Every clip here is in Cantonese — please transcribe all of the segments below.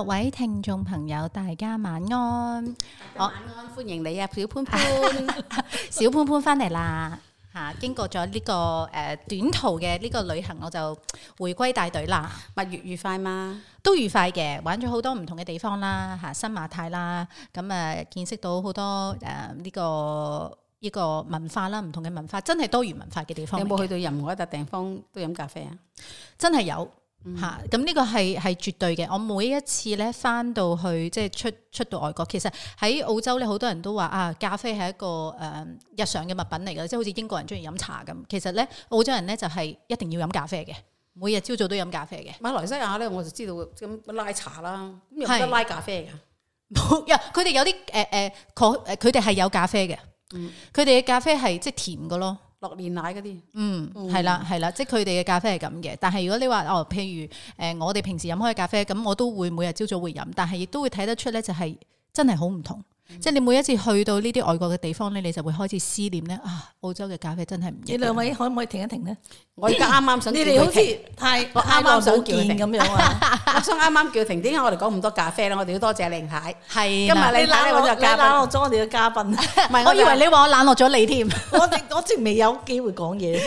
各位聽眾朋友，大家晚安。晚安，啊、歡迎你啊，小潘潘， 小潘潘翻嚟啦。吓、啊，經過咗呢、這個誒、呃、短途嘅呢個旅行，我就回歸大隊啦。蜜月、啊、愉快嘛？都愉快嘅，玩咗好多唔同嘅地方啦。吓、啊，新馬泰啦，咁啊見識到好多誒呢、啊這個呢、這個文化啦，唔同嘅文化，真係多元文化嘅地方。有冇去到任何一笪地方都飲咖啡啊？真係有。吓、嗯，咁呢、啊，這個係係絕對嘅。我每一次咧翻到去，即係出出到外國，其實喺澳洲咧，好多人都話啊，咖啡係一個誒、呃、日常嘅物品嚟嘅，即係好似英國人中意飲茶咁。其實咧，澳洲人咧就係、是、一定要飲咖啡嘅，每日朝早都飲咖啡嘅。馬來西亞咧，我就知道咁拉茶啦，咁有冇拉咖啡嘅？冇是，佢 哋有啲誒佢誒佢哋係有咖啡嘅，佢哋嘅咖啡係即係甜噶咯。六年奶嗰啲，嗯，係啦，係啦，即係佢哋嘅咖啡係咁嘅。但係如果你話哦，譬如誒、呃，我哋平時飲開嘅咖啡，咁我都會每日朝早會飲，但係亦都會睇得出咧，就係真係好唔同。即係你每一次去到呢啲外國嘅地方咧，你就會開始思念咧啊！澳洲嘅咖啡真係唔。你兩位可唔可以停一停咧？我而家啱啱想。你哋好似太啱啱想見咁樣啊！我想啱啱叫停，點解我哋講咁多咖啡咧？我哋要多謝靚太。係。今日靚太咧，我就冷落咗我哋嘅嘉賓。唔係，我以為你話我冷落咗你添。我我仲未有機會講嘢。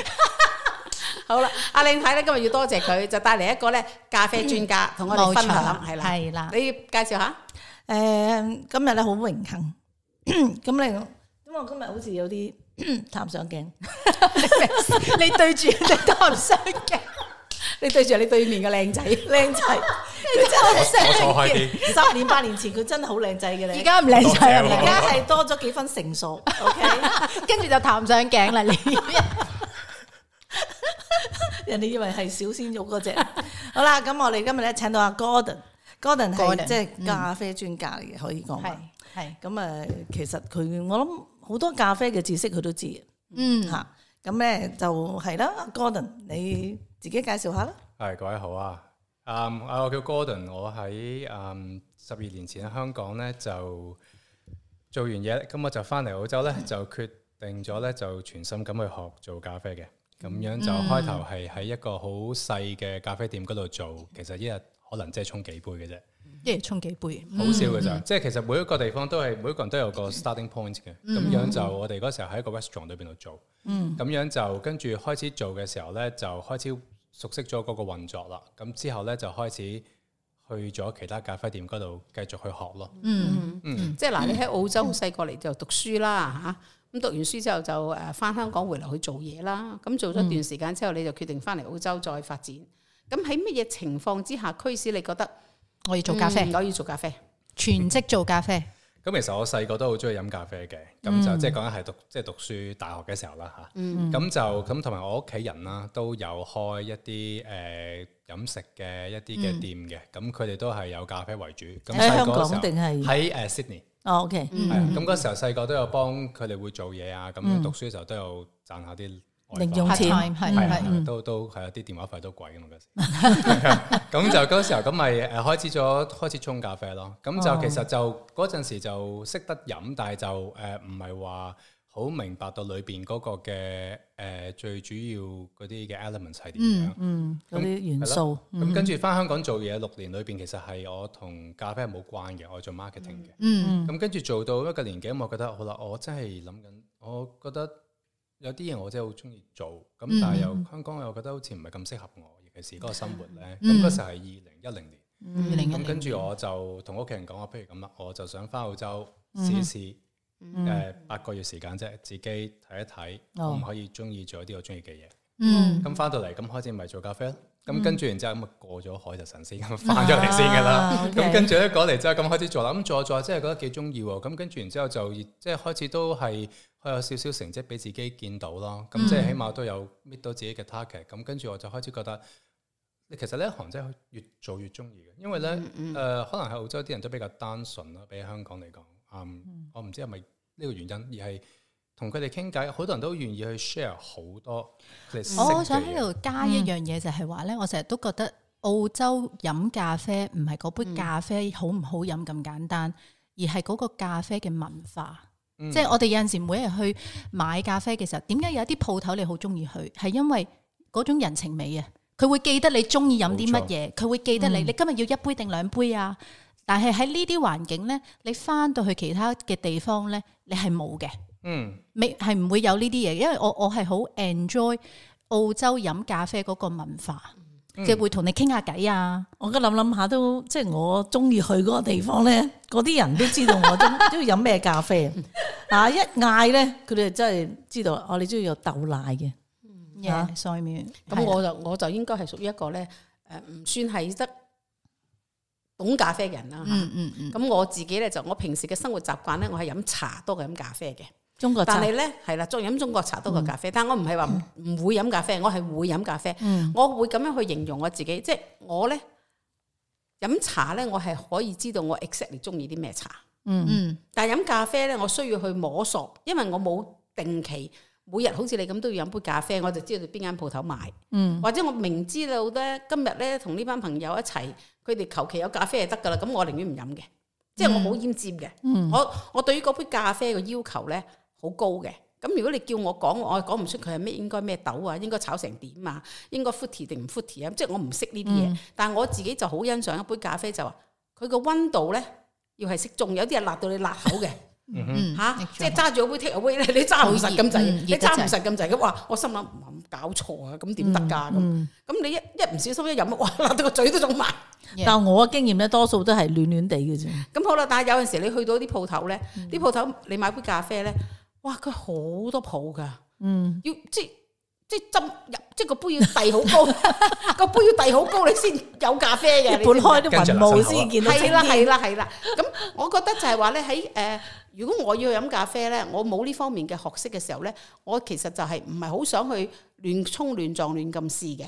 好啦，阿靚太咧，今日要多謝佢，就帶嚟一個咧咖啡專家同我哋分享係啦。係啦，你要介紹下。誒、呃，今日咧好榮幸，咁你，咁我今日好似有啲談上鏡， 你對住你談上鏡， 你對住你對面嘅靚仔，靚仔，你，你真係好衰。十年八年前佢真係好靚仔嘅咧，而家唔靚仔，而家係多咗幾分成熟。 OK，跟住 就談上鏡啦，你， 人哋以為係小鮮肉嗰隻。 好啦，咁我哋今日咧請到阿 Gordon。Gordon 係 Gordon, 即係咖啡專家嚟嘅，嗯、可以講話係。咁啊、嗯，其實佢我諗好多咖啡嘅知識佢都知。嗯，吓咁咧就係啦。Gordon 你自己介紹下啦。係、嗯、各位好啊。嗯，我叫 Gordon，我喺嗯十二年前喺香港咧就做完嘢，咁我就翻嚟澳洲咧就決定咗咧就全心咁去學做咖啡嘅。咁、嗯、樣就開頭係喺一個好細嘅咖啡店嗰度做，其實一日。可能即係沖幾杯嘅啫，一日沖幾杯，好少嘅咋？嗯嗯、即係其實每一個地方都係，每一個人都有個 starting point 嘅。咁、嗯、樣就我哋嗰時候喺一個 restaurant 裏邊度做，咁、嗯、樣就跟住開始做嘅時候咧，就開始熟悉咗嗰個運作啦。咁之後咧就開始去咗其他咖啡店嗰度繼續去學咯。嗯嗯，嗯嗯即係嗱，你喺澳洲細個嚟就讀書啦吓，咁、嗯嗯、讀完書之後就誒翻香港回來去做嘢啦。咁、嗯、做咗一段時間之後，你就決定翻嚟澳洲再發展。咁喺乜嘢情況之下驅使你覺得我要做咖啡？可以做咖啡，全職做咖啡。咁其實我細個都好中意飲咖啡嘅，咁就即係講緊係讀即係讀書大學嘅時候啦吓。咁就咁同埋我屋企人啦，都有開一啲誒飲食嘅一啲嘅店嘅，咁佢哋都係有咖啡為主。喺香港定係喺誒 Sydney？哦，OK，咁嗰時候細個都有幫佢哋會做嘢啊，咁讀書嘅時候都有賺下啲。零用錢係係都都係啊。啲電話費都貴咁嘅，咁 就嗰時候咁咪誒開始咗開始沖咖啡咯。咁就其實就嗰陣時就識得飲，但係就誒唔係話好明白到裏邊嗰個嘅誒、呃、最主要嗰啲嘅 elements 係點樣，嗯咁啲、嗯、元素。咁跟住翻香港做嘢六年裏邊，其實係我同咖啡冇關嘅，我做 marketing 嘅、嗯。嗯，咁跟住做到一個年紀，我覺得好啦，我真係諗緊，我覺得。有啲嘢我真係好中意做，咁但係又、嗯、香港又覺得好似唔係咁適合我，尤其是嗰個生活咧。咁嗰、嗯、時係二零一零年，咁跟住我就同屋企人講話，譬如咁啦，我就想翻澳洲試試，誒八、嗯呃、個月時間啫，自己睇一睇，可唔、嗯、可以中意做一啲我中意嘅嘢？嗯，咁翻到嚟咁開始咪做咖啡。咁跟住，然之後咁啊過咗海就神仙咁翻咗嚟先噶啦。咁跟住咧過嚟之後咁開始做啦。咁做咗即係覺得幾中意喎。咁跟住然之後就即係開始都係開有少少成績俾自己見到咯。咁即係起碼都有搣到自己嘅 target。咁跟住我就開始覺得，你其實呢行真係越做越中意嘅。因為咧誒、嗯嗯呃，可能喺澳洲啲人都比較單純啦，比起香港嚟講。嗯，嗯。Um, 我唔知係咪呢個原因，而係。同佢哋傾偈，好多人都願意去 share 好多。我想喺度加一樣嘢，就係話呢：我成日都覺得澳洲飲咖啡唔係嗰杯咖啡好唔好飲咁簡單，嗯、而係嗰個咖啡嘅文化。嗯、即係我哋有陣時每日去買咖啡嘅時候，點解有啲鋪頭你好中意去？係因為嗰種人情味啊！佢會記得你中意飲啲乜嘢，佢冇錯、會記得你。嗯、你今日要一杯定兩杯啊？但係喺呢啲環境呢，你翻到去其他嘅地方呢，你係冇嘅。嗯，未係唔會有呢啲嘢，因為我我係好 enjoy 澳洲飲咖啡嗰個文化，嗯、即係會同你傾下偈啊！我而家諗諗下都，即係我中意去嗰個地方咧，嗰啲，嗯、人都知道我中中意飲咩咖啡 啊！一嗌咧，佢哋真係知道，我哋中意有豆奶嘅。嗯、啊 Yeah.，sorry，咁我就我就應該係屬於一個咧，誒，唔算係得懂咖啡嘅人啦。嗯嗯嗯，咁、嗯、我自己咧就我平時嘅生活習慣咧，我係飲茶多過飲咖啡嘅。但係咧，係啦，中飲中國茶多過咖啡。嗯、但係我唔係話唔會飲咖啡，我係會飲咖啡。嗯、我會咁樣去形容我自己，即係我咧飲茶咧，我係可以知道我 exactly 中意啲咩茶。嗯嗯。但係飲咖啡咧，我需要去摸索，因為我冇定期每日好似你咁都要飲杯咖啡，我就知道邊間鋪頭買。嗯、或者我明知道咧，今日咧同呢班朋友一齊，佢哋求其有咖啡就得噶啦，咁我寧願唔飲嘅，嗯、即係我好奄尖嘅。嗯、我我對於嗰杯咖啡嘅要求咧～好高嘅，咁如果你叫我講，我講唔出佢係咩應該咩豆啊，應該炒成點啊，應該 fruity 定唔 fruity 啊，即係我唔識呢啲嘢。但係我自己就好欣賞一杯咖啡就話，佢個溫度咧要係適中，有啲嘢辣到你辣口嘅，吓，即係揸住杯 take away 咧，你揸好實咁滯，你揸唔實咁滯咁，哇！我心諗，諗搞錯啊，咁點得噶咁？咁你一一唔小心一飲哇！辣到個嘴都腫埋。但係我嘅經驗咧，多數都係暖暖地嘅啫。咁好啦，但係有陣時你去到啲鋪頭咧，啲鋪頭你買杯咖啡咧。哇，佢好多泡㗎，嗯，要即即斟入，即個杯要遞好高，個 杯要遞好高，你先有咖啡嘅、啊，要搵開啲雲霧先見到。係啦、 啊，係啦、啊，係啦、啊。咁，我覺得就係話咧，喺誒、呃，如果我要去飲咖啡咧，我冇呢方面嘅學識嘅時候咧，我其實就係唔係好想去亂衝亂撞亂咁試嘅。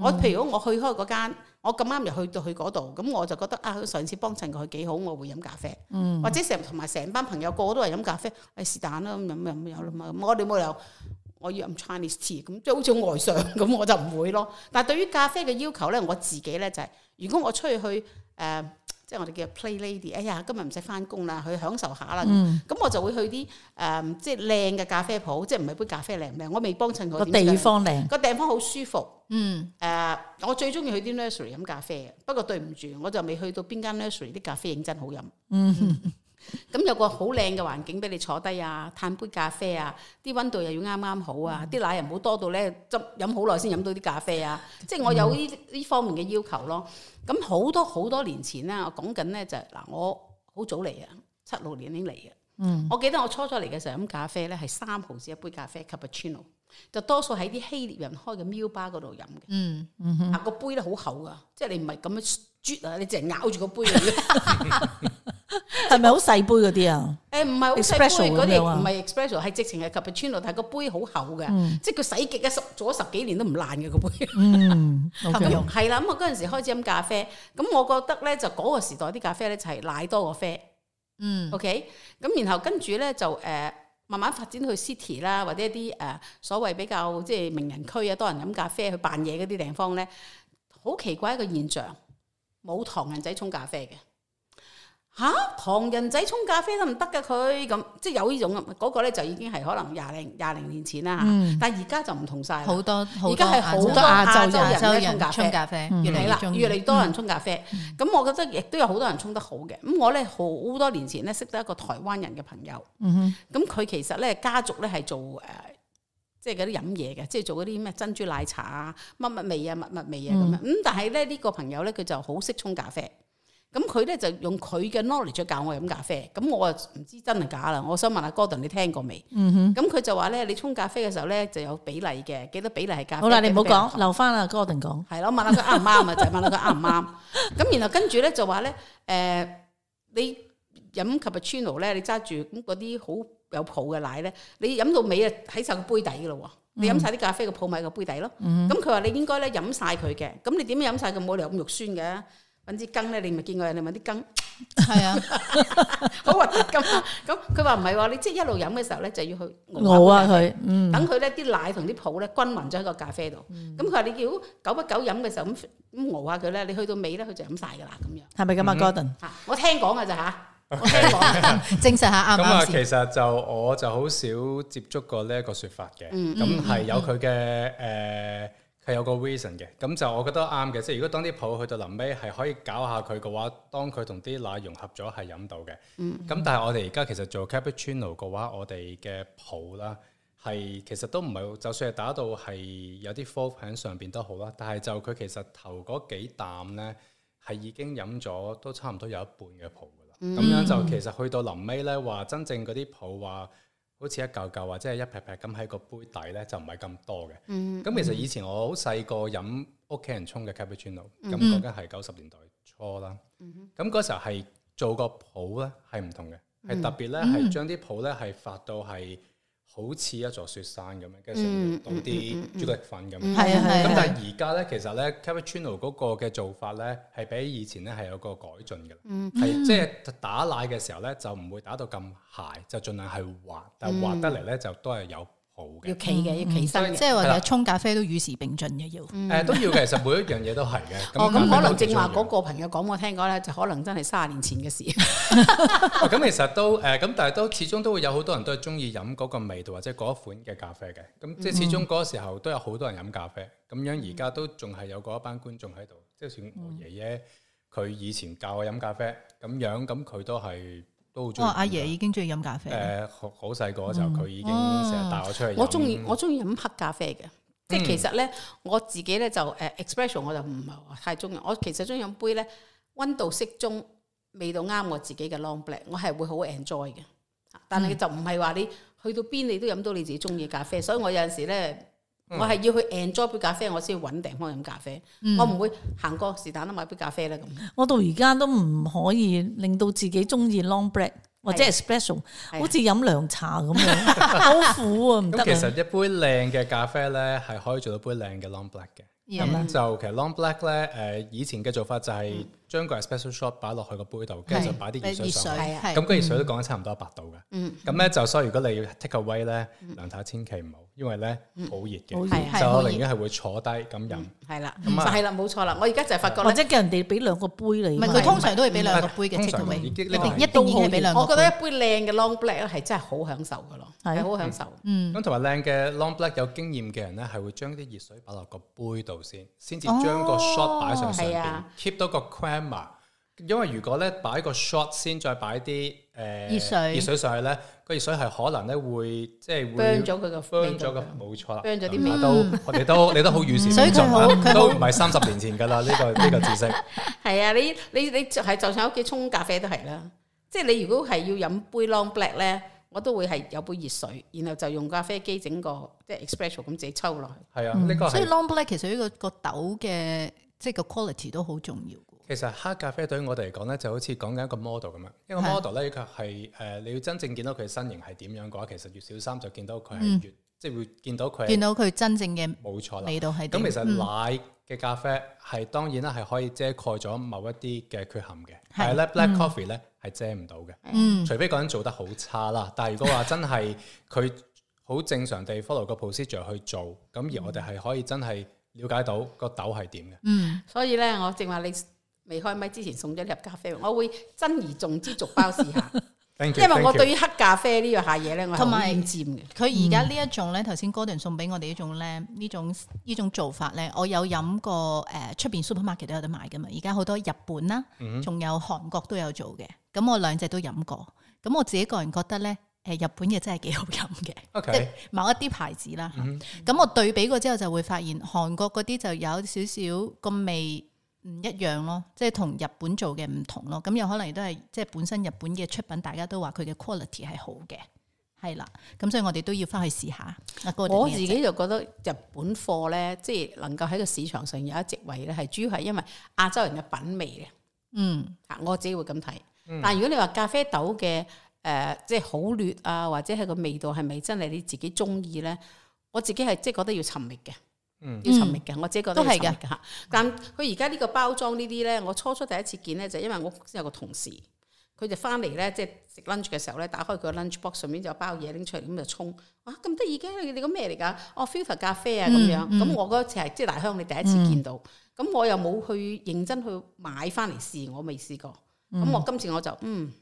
我譬如講我去開嗰間。我咁啱又去到去嗰度，咁我就覺得啊，上次幫襯佢幾好，我會飲咖啡，嗯、或者成日同埋成班朋友個個都係飲咖啡，係是但啦，飲飲有啦嘛，我哋冇理由我要飲 Chinese tea，咁即係好似外省咁，我就唔會咯。但對於咖啡嘅要求咧，我自己咧就係、是，如果我出去去誒。呃即係我哋叫 play lady，哎呀，今日唔使返工啦，去享受下啦。咁、嗯，我就會去啲誒、呃，即係靚嘅咖啡鋪，即係唔係杯咖啡靚唔靚？我未幫襯佢，個地方靚，個地方好舒服。嗯。誒、呃，我最中意去啲 nursery 飲咖啡，不過對唔住，我就未去到邊間 nursery 啲咖啡認真好飲。嗯哼，嗯。咁有個好靚嘅環境俾你坐低啊，歎杯咖啡啊，啲温度又要啱啱好啊，啲、嗯、奶又唔好多到咧，執飲好耐先飲到啲咖啡啊，嗯、即係我有呢呢方面嘅要求咯。咁好多好多年前咧，我講緊咧就係嗱，我好早嚟啊，七六年已經嚟嘅。嗯、我記得我初初嚟嘅時候飲咖啡咧係三毫子一杯咖啡 cappuccino 就多數喺啲希臘人開嘅 milk bar 嗰度飲嘅。嗯嗯，嚇個杯咧好厚啊，厚即係你唔係咁樣啜啊，你淨係咬住個杯 係咪好細杯嗰啲啊？誒，唔係好細杯嗰啲，唔係 espresso, 係 直情係 cappuccino，但係個杯好厚嘅，即係佢洗極啊，做咗十幾年都唔爛嘅個杯。嗯，係咁樣。係啦，咁我嗰陣時開始飲咖啡，咁我覺得咧就嗰個時代啲咖啡咧就係奶多過啡。嗯，OK。咁然後跟住咧就誒，慢慢發展去 city 啦，或者一啲誒所謂比較即係名人區啊，多人飲咖啡去扮嘢嗰啲地方咧，好奇怪一個現象，冇唐人仔沖咖啡嘅。嚇，唐人仔沖咖啡都唔得㗎佢。咁，即係有呢種嗰、嗰個咧，就已經係可能廿零廿零年前啦嚇。嗯、但係而家就唔同晒，好多，而家係好多亞洲，亞洲人咧沖咖啡，係啦，嗯、越嚟越，越，越多人沖咖啡。咁、嗯、我覺得亦都有好多人沖得好嘅。咁、嗯、我咧好多年前咧識得一個台灣人嘅朋友，咁佢、嗯、哼其實咧家族咧係做誒、呃，即係嗰啲飲嘢嘅，即係做嗰啲咩珍珠奶茶啊、乜乜味啊、乜乜味啊咁樣。咁、嗯、但係咧呢、呢個朋友咧佢就好識沖咖啡。咁佢咧就用佢嘅 knowledge 教我飲咖啡，咁我啊唔知真定假啦。我想問阿 Gordon 你聽過未？咁佢、嗯、哼就話咧，你沖咖啡嘅時候咧就有比例嘅，幾多比例係咖啡？好啦了，你唔好講，留翻阿 Gordon 講。係咯，問下佢啱唔啱啊？ 就係問下佢啱唔啱。咁 然後跟住咧就話咧，誒、呃，你飲 Cappuccino 咧，你揸住咁嗰啲好有泡嘅奶咧，你飲到尾啊喺晒個杯底噶咯，嗯、哼你飲晒啲咖啡嘅泡米個杯底咯。咁佢話你應該咧飲晒佢嘅，咁你點樣飲晒佢冇理由咁肉酸嘅。揾支羹咧，你咪見過人哋揾啲羹，係啊，好核突咁。咁佢話唔係喎，你即係一路飲嘅時候咧，就要去熬下佢，等佢咧啲奶同啲泡咧均勻咗喺個咖啡度。咁佢話你如果久不久飲嘅時候咁咁熬下佢咧，你去到尾咧佢就飲晒噶啦咁樣。係咪咁啊，Gordon？我聽講嘅咋吓，我聽講，證實下啱唔啱先？咁啊，其實就我就好少接觸過呢一個說法嘅，咁係有佢嘅誒。係有個 reason 嘅，咁就我覺得啱嘅。即係如果當啲泡去到臨尾係可以搞下佢嘅話，當佢同啲奶融合咗係飲到嘅。咁、嗯、但係我哋而家其實做 cappuccino 嘅話，我哋嘅泡啦係其實都唔係，就算係打到係有啲 foam 喺上邊都好啦。但係就佢其實頭嗰幾啖呢，係已經飲咗都差唔多有一半嘅泡㗎啦。咁、嗯、樣就其實去到臨尾呢，話真正嗰啲泡話。好似一嚿嚿或者係一撇撇咁喺個杯底咧，就唔係咁多嘅。咁、mm hmm. 其實以前我好細個飲屋企人沖嘅 Cappuccino，咁嗰間係九十年代初啦。咁嗰、mm hmm. 時候係做個譜咧，係唔同嘅，係、hmm. 特別咧，係將啲譜咧係發到係。好似一座雪山咁樣，跟住倒啲朱古力粉咁，咁、嗯嗯嗯嗯、但係而家咧，其實咧 Cappuccino 嗰個嘅做法咧，係比以前咧係有個改進嘅，係即係打奶嘅時候咧，就唔會打到咁鞋，就儘量係滑，但係滑得嚟咧就都係有。要企嘅要企身，即係以或者沖咖啡都與時並進嘅要。誒、嗯呃、都要嘅，其實每一樣嘢都係嘅。 咖哦，咁、嗯、可能正話嗰個朋友講，我聽過咧，就可能真係卅年前嘅事。咁、 哦、其實都誒、咁、呃、但係都始終都會有好多人都係中意飲嗰個味道或者嗰一款嘅咖啡嘅。咁即係始終嗰個時候都有好多人飲咖啡，咁、嗯、樣而家都仲係有嗰一班觀眾喺度。即係算我爺爺佢以前教我飲咖啡咁樣，咁佢都係。阿、哦、爺，爺已經中意飲咖啡。誒、呃，好細個時候佢、嗯、已經成日帶我出去飲。我中意我中意飲黑咖啡嘅，嗯、即係其實咧我自己咧就誒、uh, espresso 我就唔係話太中意。我其實中意飲杯咧溫度適中、味道啱我自己嘅 long black，我係會好 enjoy 嘅。但係就唔係話你、嗯、去到邊你都飲到你自己中意嘅咖啡，所以我有陣時咧。我係要去 enjoy 杯咖啡，我先要揾地方飲咖啡。嗯、我唔會行過是但都買杯咖啡咧咁。我到而家都唔可以令到自己鍾意 long black 是的 或者 espresso，好似飲涼茶咁樣，好是的 苦啊，唔得。其實一杯靚嘅咖啡咧，係可以做到杯靚嘅 long black 嘅。咁 Yeah 就其實 long black 咧，誒以前嘅做法就係、是。將個 special shot 擺落去個杯度，跟住就擺啲熱水上去。咁個熱水都講得差唔多一百度嘅。咁咧就所以，如果你要 take away 咧，涼茶千祈唔好，因為咧好熱嘅。就我寧願係會坐低咁飲。係啦，咁啊係啦，冇錯啦。我而家就發覺咧，或者叫人哋俾兩個杯你。唔係，佢通常都會俾兩個杯嘅 take away。一定一定要俾兩個。我覺得一杯靚嘅 long black 咧係真係好享受嘅咯，係好享受。嗯。咁同埋靚嘅 long black 有經驗嘅人咧，係會將啲熱水擺落個杯度先，先至將個 shot 擺上去，keep 到個 cream。因為如果咧擺個 shot 先，再擺啲誒熱水熱水上去咧，個熱水係可能咧會即係冰咗佢個粉，冰咗個冇錯啦。冰咗啲咩都，哋都你都好與時俱進，都唔係三十年前噶啦。呢個呢個知識係啊！你你你就算喺屋企沖咖啡都係啦。即係你如果係要飲杯 long black 咧，我都會係有杯熱水，然後就用咖啡機整個即係 espresso 咁自己抽落去。係啊，呢個所以 long black 其實呢個個豆嘅即係個 quality 都好重要。其實黑咖啡對於我哋嚟講咧，就好似講緊一個 model 咁樣。一個 model 咧，佢係誒，你要真正見到佢身形係點樣嘅話，其實越小心就見到佢係越，嗯、即係會見到佢見到佢真正嘅冇錯啦。味道係咁，其實奶嘅咖啡係、嗯、當然啦，係可以遮蓋咗某一啲嘅缺陷嘅，是但係、嗯、black coffee 咧係遮唔到嘅。嗯、除非嗰人做得好差啦。但係如果話真係佢好正常地 follow 個 procedure 去做，咁而我哋係可以真係了解到個豆係點嘅。嗯，所以咧，我淨話你。未開麥之前送咗入咖啡，我會珍而重之逐包試下。 thank you, thank you. 因為我對於黑咖啡個呢樣下嘢咧，我係好尖嘅。佢而家呢一種咧，頭先哥 o 送俾我哋呢種咧，呢種呢種種做法咧，我有飲過誒，出邊 supermarket 都有得賣噶嘛而家好多日本啦，仲、嗯、有韓國都有做嘅。咁我兩隻都飲過，咁我自己個人覺得咧，誒，日本嘢真係幾好飲嘅，Okay. 即係某一啲牌子啦。咁我對比過之後就會發現，韓國嗰啲就有少少個味。唔一樣咯，即係同日本做嘅唔同咯，咁有可能亦都係即係本身日本嘅出品，大家都話佢嘅 quality 係好嘅，係啦，咁所以我哋都要翻去試下。我自己就覺得日本貨呢，即係能夠喺個市場上有一席位呢，係主要係因為亞洲人嘅品味嘅。嗯，我自己會咁睇。嗯，但如果你話咖啡豆嘅誒，呃，即係好劣啊，或者係個味道係咪真係你自己中意呢？我自己係即係覺得要尋覓嘅。嗯、要尋覓嘅，我自己覺得都係嘅。但佢而家呢個包裝呢啲咧，我初初第一次見咧，就係、因為我有個同事，佢就翻嚟咧，即係食 lunch 嘅時候咧，打開佢個 lunch box 上面就有包嘢拎出嚟咁就沖。啊咁得意嘅，你你個咩嚟噶？哦 filter 咖啡啊咁、嗯、樣。咁、嗯、我嗰次係即係大香你第一次見到。咁、嗯、我又冇去認真去買翻嚟試，我未試過。咁、嗯嗯、我今次我就嗯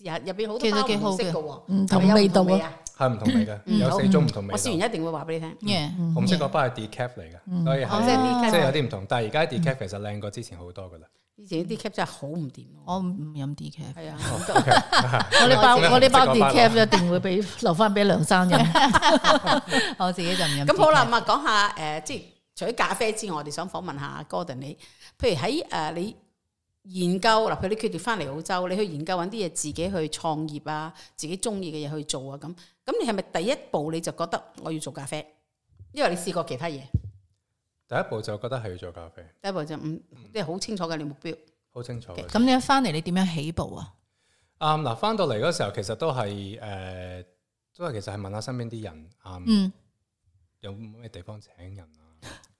試下入邊好多，其實幾好嘅，唔同，同，同味道啊。係唔同味嘅，有四種唔同味。我試完一定會話俾你聽。紅色嗰包係 decaf 嚟嘅，所以即係有啲唔同。但係而家 decaf 其實靚過之前好多噶啦。以前啲 decaf 真係好唔掂，我唔飲 decaf。係啊，我呢包我呢包 decaf 一定會俾留翻俾梁生嘅。我自己就唔飲。咁好啦，咁啊講下誒，即係除咗咖啡之外，我哋想訪問下阿 Gordon 你。譬如喺誒你研究嗱，佢你決定翻嚟澳洲，你去研究搵啲嘢自己去創業啊，自己中意嘅嘢去做啊咁。咁你係咪第一步你就覺得我要做咖啡？因為你試過其他嘢，第一步就覺得係要做咖啡。第一步就唔即係好清楚嘅你目標，好清楚嘅。咁、okay，你一翻嚟你點樣起步啊？啊嗱、嗯，翻、嗯、到嚟嗰時候其實都係誒、呃，都係其實係問下身邊啲人，嗯，嗯有冇咩地方請人啊？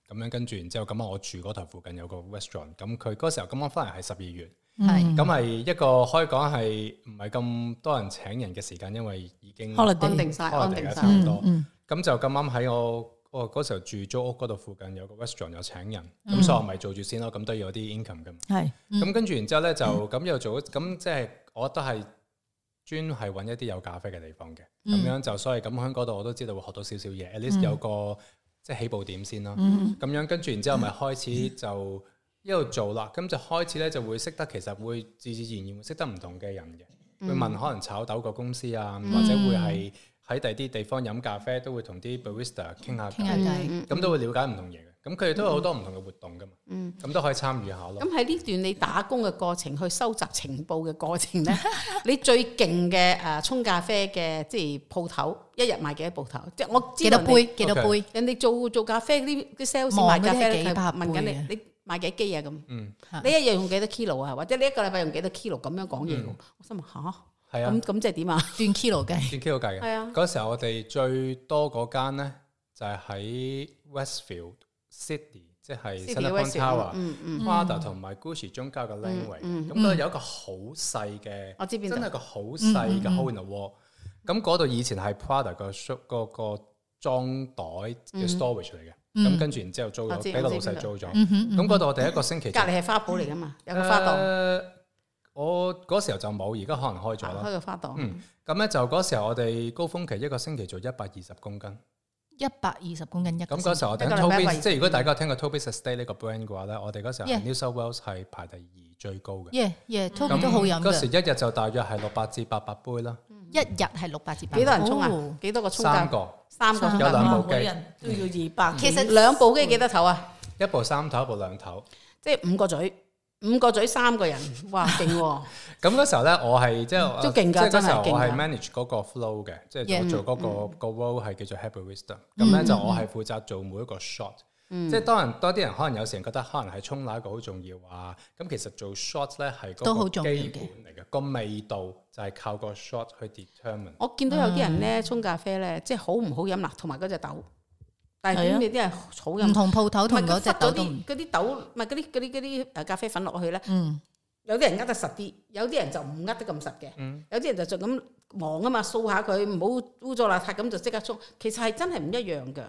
咁樣跟住，然之後咁啱我住嗰頭附近有個 restaurant，咁佢嗰時候咁啱翻嚟係十二月。係，咁係一個可以講係唔係咁多人請人嘅時間，因為已經安定晒，安定晒差唔多。咁就咁啱喺我我嗰時候住租屋嗰度附近有個 restaurant 有請人，咁所以我咪做住先咯。咁都要有啲 income 噶。係，咁跟住然之後咧就咁又做咁，即係我都係專係揾一啲有咖啡嘅地方嘅。咁樣就所以咁喺嗰度我都知道會學到少少嘢，at least 有個即係起步點先咯。咁樣跟住然之後咪開始就。一路做啦，咁就開始咧就會識得其實會自自然然會識得唔同嘅人嘅，會問可能炒豆個公司啊，或者會係喺第二啲地方飲咖啡都會同啲 barista 傾下偈，咁都會瞭解唔同嘢嘅。咁佢哋都有好多唔同嘅活動噶嘛，咁都可以參與下咯。咁喺呢段你打工嘅過程，去收集情報嘅過程咧，你最勁嘅誒沖咖啡嘅即係鋪頭，一日賣幾多鋪頭？即係我知道幾多杯？幾多杯？人哋做做咖啡嗰啲嘅 sales 賣咖啡幾百杯？問緊你，你？買幾多機啊？咁，你一日用幾多 kilo 啊？或者你一個禮拜用幾多 kilo？咁樣講嘢，我心話嚇，咁咁即係點啊？轉 kilo 計，轉 kilo 計嘅。係啊，嗰時候我哋最多嗰間咧就係喺 Westfield Sydney，即係 Centrepoint Tower、Prada 同埋 Gucci 中間嘅 lane 位，咁嗰度有一個好細嘅，我知邊真係個好細嘅 corner 喎。咁嗰度以前係 Prada 個 shop 個個裝袋嘅 storage 嚟嘅。咁跟住，然之後租咗俾個老細租咗。咁嗰度我第一個星期，隔籬係花圃嚟㗎嘛，有個花檔。我嗰時候就冇，而家可能開咗啦。開咗花檔。咁咧就嗰時候我哋高峰期一個星期做一百二十公斤。一百二十公斤一個。咁嗰時候我哋，即係如果大家聽過 Toby's Estate 呢個 brand 嘅話咧，我哋嗰時候 New South Wales 係排第二最高嘅。Toby 都好飲。咁嗰時一日就大約係六百至八百杯啦。一日係六百至八百杯。幾多人沖啊？幾多個沖㗎？三個。三個頭，每人都要二百。其實兩部機幾多頭啊？一部三頭，一部兩頭，即係五個嘴，五個嘴三個人，哇勁！咁嗰時候咧，我係即係，即係嗰時候我係 manage 嗰個 flow 嘅，即係我做嗰個個 role 係叫做 happy wisdom。咁咧就我係負責做每一個 shot。嗯、即係多人多啲人可能有時覺得可能係沖奶個好重要啊，咁其實做 short 咧係個好重要嘅，個味道就係靠個 short 去 determine。我見到有啲人咧沖、嗯、咖啡咧，即係好唔好飲啦，同埋嗰隻豆。啊、但係點解啲人好飲唔同鋪頭同嗰隻嗰啲嗰啲豆,豆，唔係嗰啲啲啲誒咖啡粉落去咧、嗯？有啲人呃得實啲，嗯、有啲人就唔呃得咁實嘅。有啲人就做咁忙啊嘛，掃下佢，唔好污糟邋遢，咁就即刻沖。其實係真係唔一樣嘅。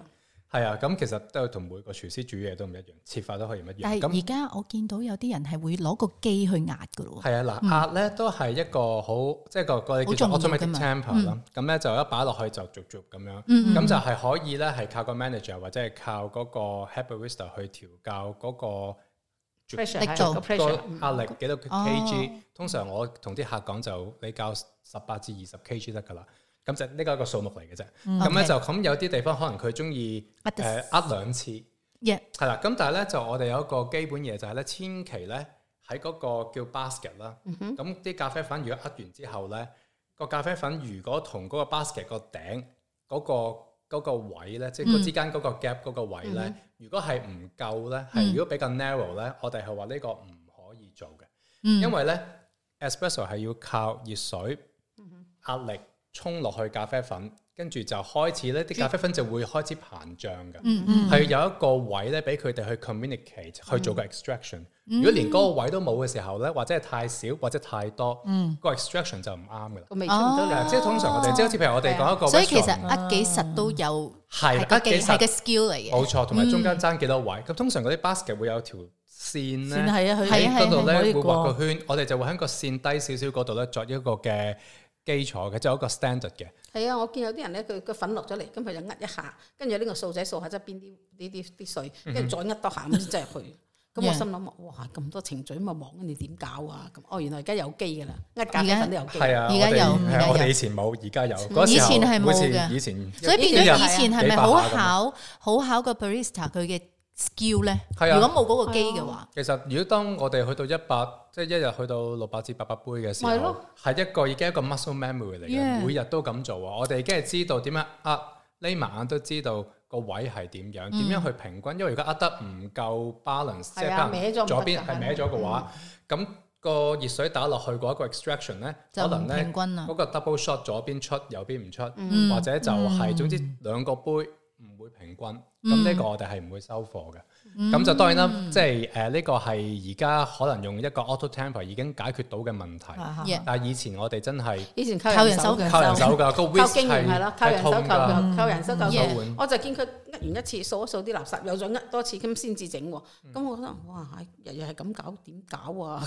係啊，咁其實都同每個廚師煮嘢都唔一樣，切法都可以唔一樣。但係而家我見到有啲人係會攞個機去壓噶咯。係啊，嗱壓咧都係一個好，即係個個叫做 automatic temper 啦。咁咧就一把落去就逐逐咁樣，咁、嗯嗯、就係可以咧係靠個 manager 或者係靠嗰個 barista 去調教嗰個 pressure，即係個壓力幾多 kg。哦、通常我同啲客講就你較十八至二十 kg 得噶啦。咁就呢個係一個數目嚟嘅啫。咁咧就咁有啲地方可能佢中意，誒壓兩次，係啦。咁但係咧就我哋有一個基本嘢就係咧，千祈咧喺嗰個叫 basket 啦。咁啲咖啡粉如果壓完之後咧，個咖啡粉如果同嗰個 basket 個頂嗰個嗰個位咧，即係佢之間嗰個 gap 嗰個位咧，如果係唔夠咧，係如果比較 narrow 咧，我哋係話呢個唔可以做嘅，因為咧，especially 係要靠熱水壓力。沖落去咖啡粉，跟住就開始咧，啲咖啡粉就會開始膨脹嘅。嗯，係有一個位咧，俾佢哋去 communicate 去做個 extraction。如果連嗰個位都冇嘅時候咧，或者係太少或者太多，嗯，個 extraction 就唔啱嘅啦。個味出唔到嚟。即係通常我哋，即係好似譬如我哋講一個，所以其實一幾實都有係一幾係個 skill 嚟嘅。冇錯，同埋中間爭幾多位。咁通常嗰啲 basket 會有條線咧，喺嗰度咧會畫個圈。我哋就會喺個線低少少嗰度咧作一個嘅基礎嘅，就係、是、一個 standard 嘅。係啊，我見有啲人咧，佢佢粉落咗嚟，咁佢就呃一下，跟住呢個掃仔掃下，即係側邊啲呢啲啲水，跟住再呃多下咁，即係去。咁 我心諗哇，咁多程序咁啊忙，你點搞啊？咁哦，原來而家有機噶啦，呃咖啡粉有機。係啊，而家有。有我哋以前冇，而家有。嗰時冇嘅。以前。以前所以變咗以前係咪好考好考個 barista 佢嘅 Skill 咧，如果冇嗰個機嘅話、啊，其實如果當我哋去到一百，即、就、係、是、一日去到六百至八百杯嘅時候，係、啊、一個已經一個 muscle memory 嚟嘅，Yeah. 每日都咁做啊！我哋已經係知道點樣壓，匿埋眼都知道個位係點樣，點、嗯、樣去平均。因為如果壓得唔夠 balance，即係譬如左邊係歪咗嘅話，咁、嗯、個熱水打落去嗰一個 extraction 咧，可能平均，嗰個 double shot 左邊出，右邊唔出，嗯、或者就係總之兩個杯。唔會平均，咁呢個我哋係唔會收貨嘅。咁就當然啦，即係誒呢個係而家可能用一個 auto tamper 已經解決到嘅問題。但係以前我哋真係以前靠人手，靠人手嘅，靠經驗係咯，靠人手，靠人手，靠人手。我就見佢呃完一次掃一掃啲垃圾，有咗呃多次，咁先至整。咁我覺得哇，日日係咁搞點搞啊？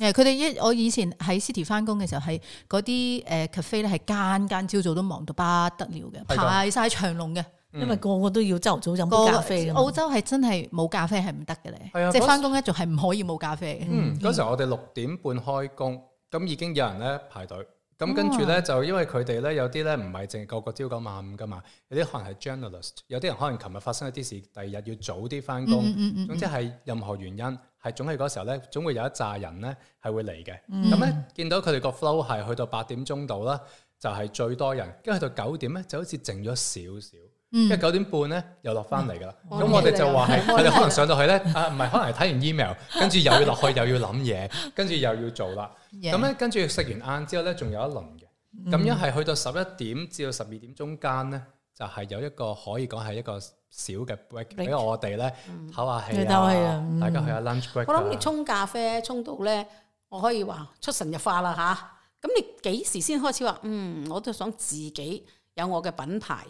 誒，佢哋一我以前喺 City 返工嘅時候，係嗰啲誒 cafe 咧係間間朝早都忙到不得了嘅，排晒長龍嘅。因為個個都要朝頭早飲咖，咖，、啊、咖啡，澳洲係真係冇咖啡係唔得嘅咧。係啊，即係翻工一仲係唔可以冇咖啡嘅。嗯，嗰、嗯、時候我哋六點半開工，咁已經有人咧排隊，咁跟住咧、嗯、就因為佢哋咧有啲咧唔係淨係個個朝九晚五噶嘛，有啲可能係 journalist，有啲人可能琴日發生一啲事，第二日要早啲翻工。嗯，嗯，嗯，嗯總之係任何原因係總係嗰時候咧，總會有一紮人咧係會嚟嘅。咁咧、嗯、見到佢哋個 flow 係去到八點鐘度啦，就係、是、最多人，跟住去到九點咧就好似靜咗少少。因為九點半咧又落翻嚟噶啦，咁我哋就話係，佢哋可能上到去咧，啊唔係，可能係睇完 email，跟住又要落去，又要諗嘢，跟住又要做啦。咁咧，跟住食完晏之後咧，仲有一輪嘅。咁一係去到十一點至到十二點中間咧，就係有一個可以講係一個小嘅 break，俾我哋咧，唞下氣啊，大家去下 lunch break。我諗你沖咖啡沖到咧，我可以話出神入化啦吓。咁你幾時先開始話，嗯，我都想自己有我嘅品牌。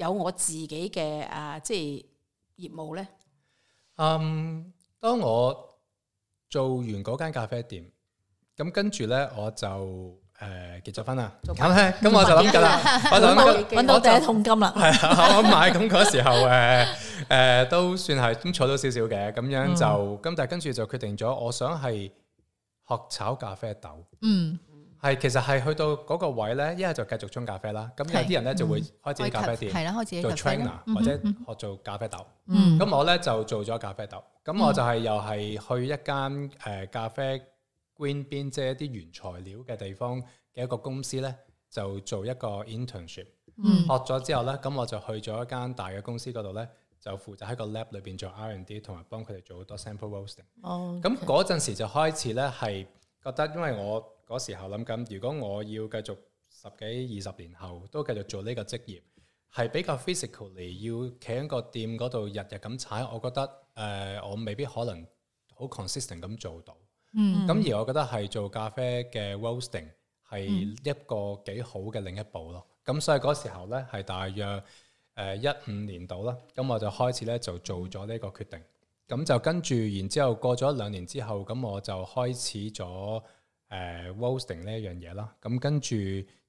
有我自己嘅啊，即係業務咧。嗯，當我做完嗰間咖啡店，咁跟住咧，我就誒、呃、結咗婚啦。咁我就諗緊啦，我就搵到第一桶金啦。係我買咁嗰時候誒誒，都算係咁坐到少少嘅，咁樣就咁，但係跟住就決定咗，我想係學炒咖啡豆。嗯。係，其實係去到嗰個位咧，一係就繼續沖咖啡啦。咁有啲人咧、嗯、就會開始咖啡店，係啦，開自己做 trainer、嗯、或者學做咖啡豆。嗯，咁我咧就做咗咖啡豆。咁、嗯、我就係又係去一間誒、呃、咖啡罐邊，Green Bean, 即係一啲原材料嘅地方嘅一個公司咧，就做一個 internship。嗯，學咗之後咧，咁、嗯、我就去咗一間大嘅公司嗰度咧，就負責喺個 lab 裏邊做 R&D，同埋幫佢哋做好多 sample roasting。哦，咁嗰陣時就開始咧，係覺得因為我。嗰時候諗緊，如果我要繼續十幾二十年後都繼續做呢個職業，係比較 physically 要企喺個店嗰度日日咁踩，我覺得誒、呃、我未必可能好 consistent 咁做到。嗯。咁而我覺得係做咖啡嘅 roasting 係一個幾好嘅另一步咯。咁、嗯、所以嗰時候咧係大約誒一五年度啦，咁我就開始咧就做咗呢個決定。咁就跟住，然之後過咗一兩年之後，咁我就開始咗。誒 roasting 呢一樣嘢啦，咁、嗯、跟住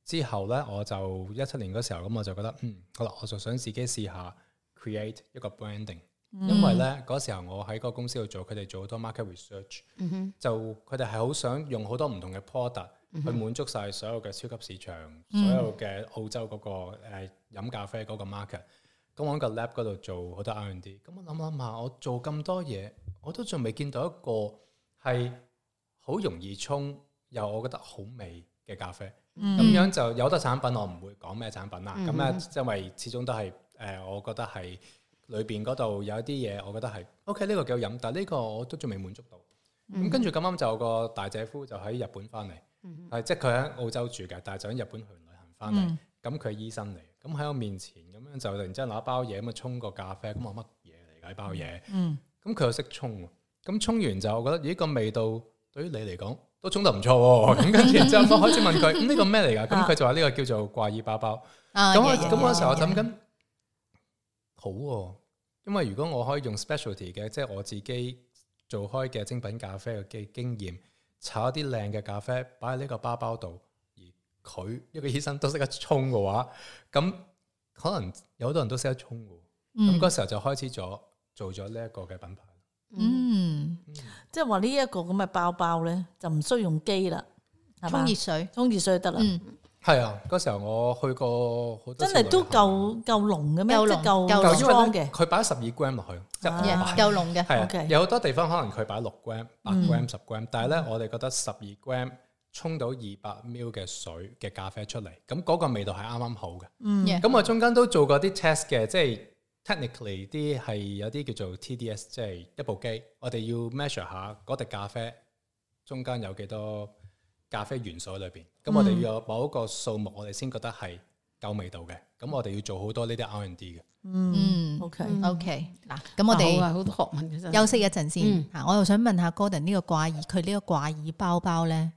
之後咧，我就一七年嗰時候，咁我就覺得，嗯，好啦，我就想自己試下 create 一個 branding，、嗯、因為咧嗰時候我喺個公司度做，佢哋做好多 market research，、嗯、哼就佢哋係好想用好多唔同嘅 product、嗯、哼去滿足晒所有嘅超級市場，嗯、哼所有嘅澳洲嗰、那個誒、呃、飲咖啡嗰個 market，咁我喺個 lab 嗰度做好多 R&D，咁我諗諗下，我做咁多嘢，我都仲未見到一個係好、嗯、哼容易沖。有我覺得好味嘅咖啡，咁、嗯、樣就有得產品，我唔會講咩產品啦。咁咧、嗯，因為始終都係誒、呃，我覺得係裏邊嗰度有一啲嘢，我覺得係 OK，呢個幾好飲，但係呢個我都仲未滿足到。咁、嗯、跟住咁啱就有個大姐夫就喺日本翻嚟，係、嗯、即係佢喺澳洲住嘅，但係就喺日本去旅行翻嚟。咁佢係醫生嚟，咁喺我面前咁樣就突然之間攞包嘢咁樣沖個咖啡，咁話乜嘢嚟㗎？一包嘢，嗯，咁佢又識沖，咁沖完就我覺得咦個味道對於你嚟講？都沖得唔錯喎、哦，咁跟住之後就我開始問佢，咁呢、 嗯這個咩嚟噶？咁佢、啊、就話呢個叫做掛耳包包。咁咁嗰時候我諗緊，啊、好、哦，因為如果我可以用 specialty 嘅，即、就、係、是、我自己做開嘅精品咖啡嘅經經驗，炒一啲靚嘅咖啡擺喺呢個包包度，而佢一個醫生都識得沖嘅話，咁可能有好多人都識得沖嘅、哦。咁嗰、嗯、時候就開始咗做咗呢一個嘅品牌。嗯。即係話呢一個咁嘅包包咧，就唔需要用機啦，沖熱水，沖熱水就得啦。係、嗯、啊，嗰時候我去過好多，真係都夠夠濃嘅咩？夠濃夠濃即係夠夠方嘅。佢擺十二 gram 落去，夠濃嘅。係是啊，有好多地方可能佢擺六 gram、八 gram、十 gram，但係咧，我哋覺得十二 gram 沖到二百 ml 嘅水嘅咖啡出嚟，咁嗰個味道係啱啱好嘅。咁、嗯嗯、我中間都做過啲 test 嘅，即係。Technically，啲係有啲叫做 TDS，即係一部機，我哋要 measure 下嗰滴咖啡中間有幾多咖啡元素喺裏邊，咁、嗯、我哋要有某一個數目，我哋先覺得係夠味道嘅。咁我哋要做好多呢啲 R&D 嘅。嗯，OK，OK。嗱 Okay,、嗯、咁、okay，我哋好多學問休息一陣先，嚇、嗯！我又想問下 Gordon 呢個掛耳，佢呢個掛耳包包咧，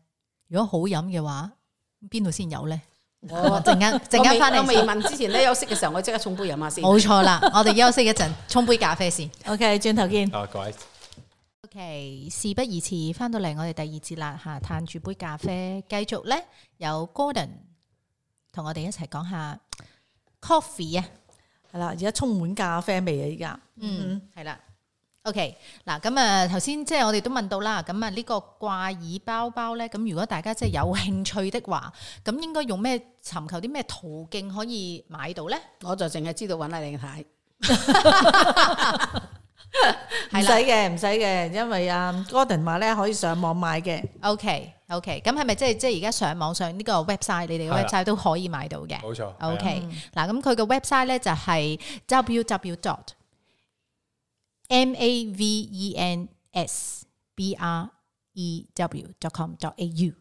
如果好飲嘅話，邊度先有咧？我陣間陣間翻嚟，我未問之前咧， 休息嘅時候我即刻沖杯飲下先。冇錯啦，我哋 休息一陣，沖杯咖啡先。OK，轉頭見。哦，各位。OK，事不宜遲，翻到嚟我哋第二節啦，吓，嘆住杯咖啡，繼續咧，有 Gordon 同我哋一齊講下 coffee 啊，係啦，而家充滿咖啡味啊，依家，嗯，係啦、嗯。OK，嗱，咁啊，頭先即係我哋都問到啦，咁啊呢個掛耳包包咧，咁如果大家即係有興趣的話，咁應該用咩尋求啲咩途徑可以買到咧？我就淨係知道搵下梁太，係唔使嘅，唔使嘅，因為阿 Gordon 話咧可以上網買嘅。OK，OK，咁係咪即係即係而家上網上呢個 website，你哋 website 都可以買到嘅？冇錯。OK，嗱，咁佢嘅 website 咧就係 www.dot。M A V E N S B R E W 點 com 點 A U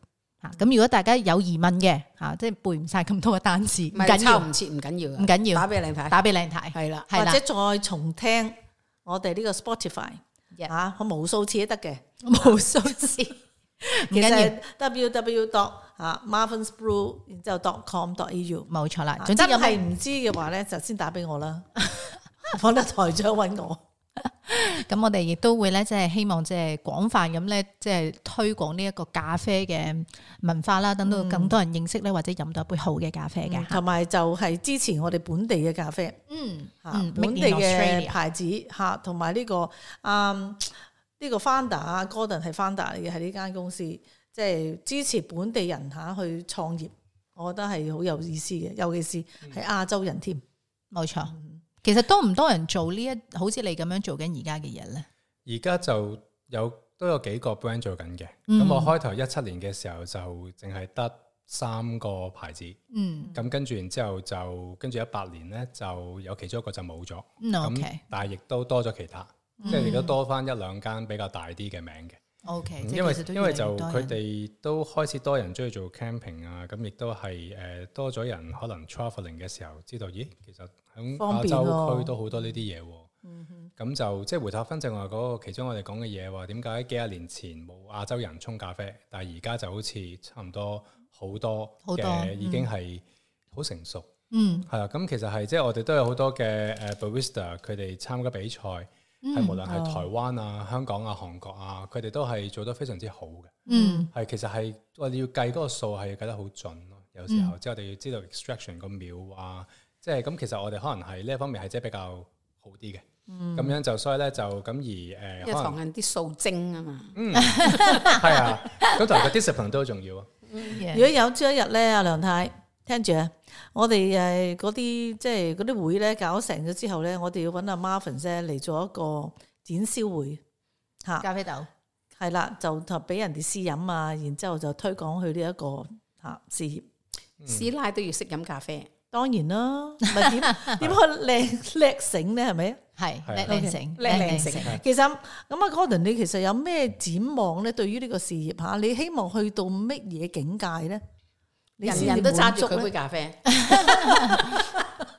吓，咁如果大家有疑問嘅吓，即係背唔晒咁多嘅單詞，唔緊要，唔切，唔緊要，唔緊要，打俾靚太，打俾靚太，係啦，係啦，或者再重聽我哋呢個 Spotify 吓，我無數次都得嘅，無數次，唔緊要 W W 點吓 Mavens Brew，然之後點 com 點 A U 冇錯啦。總之係唔知嘅話咧，就先打俾我啦，放得台長揾我。咁 我哋亦都會咧，即係希望即係廣泛咁咧，即係推廣呢一個咖啡嘅文化啦，等到更多人認識咧，或者飲到一杯好嘅咖啡嘅。同埋、嗯、就係支持我哋本地嘅咖啡，嗯，本地嘅牌子吓，同埋呢個啊呢、嗯，這個 Founder，Gordon 係 Founder 嘅，係呢間公司，即係支持本地人下去創業，我覺得係好有意思嘅，尤其是係亞洲人添，冇錯、嗯。其實多唔多人做呢一，好似你咁樣做緊而家嘅嘢咧？而家就有都有幾個 brand 做緊嘅，咁、嗯、我開頭一七年嘅時候就淨係得三個牌子，嗯，咁跟住然之後就跟住一八年咧就有其中一個就冇咗，O 但係亦都多咗其他，即係亦都多翻一兩間比較大啲嘅名嘅。O.K. 因為因為就佢哋都開始多人中意做 camping 啊，咁亦都係誒、呃、多咗人可能 travelling 嘅時候知道，咦，其實喺亞洲區都好多呢啲嘢喎。咁、嗯、哼就即係回答返正話嗰個其中我哋講嘅嘢話，點解幾廿年前冇亞洲人沖咖啡，但係而家就好似差唔多好多嘅已經係好成熟。嗯，係啊、嗯，咁其實係即係我哋都有好多嘅誒 barista 佢哋參加比賽。係無論係台灣啊、香港啊、韓國啊，佢哋都係做得非常之好嘅。嗯，係其實係我哋要計嗰個數係要計得好準咯。有時候、嗯、即係我哋要知道 extraction 個秒啊，即係咁、嗯、其實我哋可能係呢一方面係即係比較好啲嘅。咁、嗯、樣就所以咧就咁而誒，要、呃、藏緊啲數精啊嘛。嗯，係 啊，咁就個 discipline 都好重要啊。Mm, yes. 如果有朝一日咧，阿梁太。嗯.聽住啊！我哋誒，嗰啲即係嗰啲會咧搞成咗之後咧，我哋要揾阿 Marvin 姐嚟做一個展銷會吓，咖啡豆係啦，就就俾人哋試飲啊，然之後就推廣佢呢一個吓事業。師奶都要識飲咖啡，當然啦，點點去靚叻醒咧？係咪啊？係叻醒，叻醒。其實咁啊，Gordon，你其實有咩展望咧？對於呢個事業吓，你希望去到乜嘢境界咧？人人都揸住佢杯咖啡，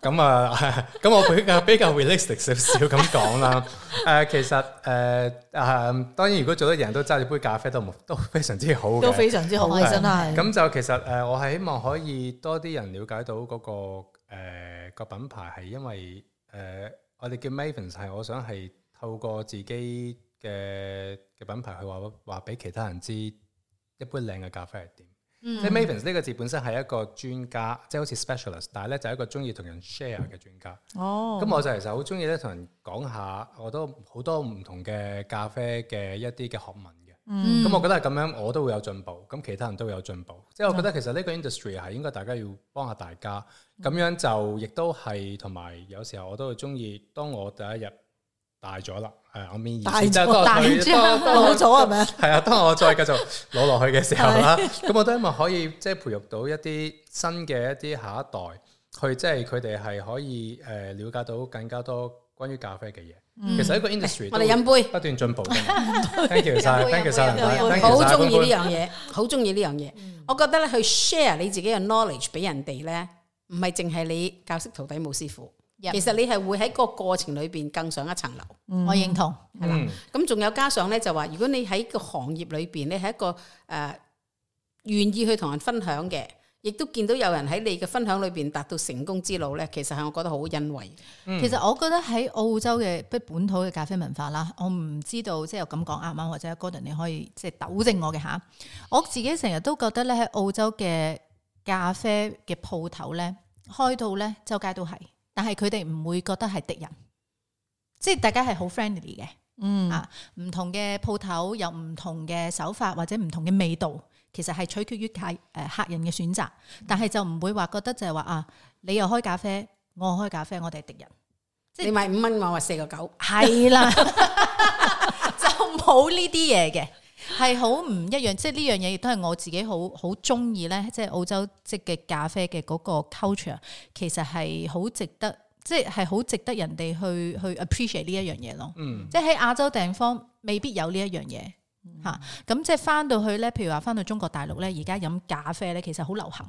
咁啊， 咁、 嗯嗯、我比較比較 realistic 少少咁講啦。誒，其實誒誒、嗯嗯，當然如果做得人都揸住杯咖啡都都非常之好，都非常之好嘅，嗯嗯、真係。咁就其實誒、呃，我係希望可以多啲人了解到個誒個品牌係因為誒、呃、我哋叫 Mavis，係我想係透過自己嘅嘅品牌去話話俾其他人知一杯靚嘅咖啡係點。嗯、即係 Maven 呢個字本身係一個專家，即係好似 specialist，但係咧就係一個中意同人 share 嘅專家。就是、專家哦，咁我就其實好中意咧同人講下，我都好多唔同嘅咖啡嘅一啲嘅學問嘅。咁、嗯、我覺得係咁樣，我都會有進步，咁其他人都會有進步。即係我覺得其實呢個 industry 係應該大家要幫下大家，咁樣就亦都係同埋有時候我都會中意，當我第一日大咗啦。誒，我面以前就當攞咗係咪？係啊，當我再繼續攞落去嘅時候啦，咁我都希望可以即係培育到一啲新嘅一啲下一代，去即係佢哋係可以誒了解到更加多關於咖啡嘅嘢。其實一個 industry 我哋飲杯不斷進步嘅，thank you 晒，thank you 晒，thank you 晒，好中意呢樣嘢，好中意呢樣嘢。我覺得咧去 share 你自己嘅 knowledge 俾人哋咧，唔係淨係你教識徒弟冇師傅。Yes. 其實你係會喺嗰個過程裏邊更上一層樓，mm hmm. 我認同係啦。咁仲的、mm hmm. 有加上咧，就話如果你喺個行業裏邊，你係一個誒願、呃、意去同人分享嘅，亦都見到有人喺你嘅分享裏邊達到成功之路咧，其實係我覺得好欣慰。Mm hmm. 其實我覺得喺澳洲嘅不本土嘅咖啡文化啦，我唔知道即係、就是、有咁講啱啱，剛剛或者阿 g 你可以即係糾正我嘅吓。我自己成日都覺得咧，喺澳洲嘅咖啡嘅鋪頭咧，開到咧周街都係。但係佢哋唔會覺得係敵人，即係大家係好 friendly 嘅，嗯啊，唔同嘅鋪頭有唔同嘅手法或者唔同嘅味道，其實係取決於客誒客人嘅選擇，嗯、但係就唔會話覺得就係話啊，你又開咖啡，我開咖啡，我哋係敵人，即你賣五蚊，我話四個九，係啦， 就冇呢啲嘢嘅。係好唔一樣，即係呢樣嘢亦都係我自己好好中意咧。即係澳洲即嘅咖啡嘅嗰個 culture，其實係好值得，即係好值得人哋去去 appreciate 呢一樣嘢咯。嗯、即係喺亞洲地方未必有呢一樣嘢嚇。咁、嗯啊、即係翻到去咧，譬如話翻到中國大陸咧，而家飲咖啡咧，其實好流行。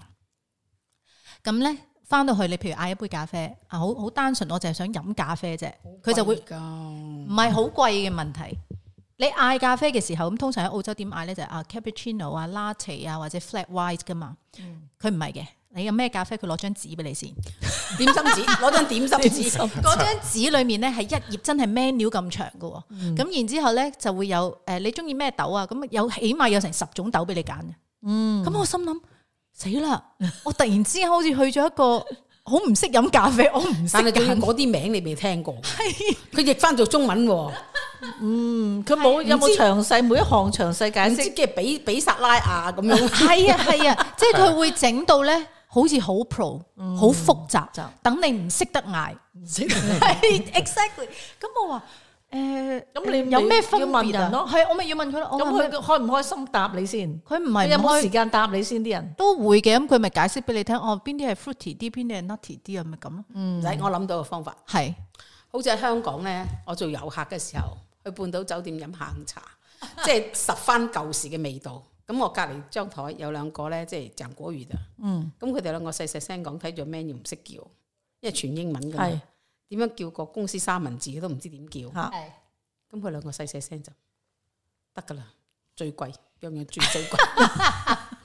咁咧，翻到去你譬如嗌一杯咖啡啊，好好單純，我淨係想飲咖啡啫，佢就會唔係好貴嘅問題。 你嗌咖啡嘅時候，咁通常喺澳洲點嗌咧就，啊、是、cappuccino 啊 latte 啊或者 flat white 噶嘛，佢唔係嘅，你有咩咖啡佢攞張紙俾你先， 點心紙，攞張點心紙，嗰張紙裏面咧係一頁真係 menu 咁長嘅，咁、嗯、然之後咧就會有誒你中意咩豆啊，咁有起碼有成十種豆俾你揀，嗯，咁我心諗死啦，我突然之間好似去咗一個好唔識飲咖啡，我唔，但係佢係嗰啲名你未聽過，係，佢譯翻做中文。嗯，佢冇有冇詳細每一項詳細解釋，即係比比撒拉亞咁樣，係啊係啊，即係佢會整到咧，好似好 pro，好複雜，就等你唔識得嗌，唔識係 exactly。咁我話誒，咁你有咩分別人咯？係我咪要問佢咯？咁佢開唔開心答你先？佢唔係有冇時間答你先啲人，都會嘅。咁佢咪解釋俾你聽，哦邊啲係 fruity 啲，邊啲係 nutty 啲啊，咪咁咯。嗯，嚟我諗到個方法係，好似喺香港咧，我做遊客嘅時候。去半島酒店飲下午茶，即係拾翻舊時嘅味道。咁我隔離張台有兩個咧，即係鄭果如啊。嗯。咁佢哋兩個細細聲講睇住 menu 唔識叫，因為全英文嘅。係是。點樣叫個公司三文治都唔知點叫。嚇是。咁佢兩個細細聲就得㗎啦，最貴，樣樣最最貴。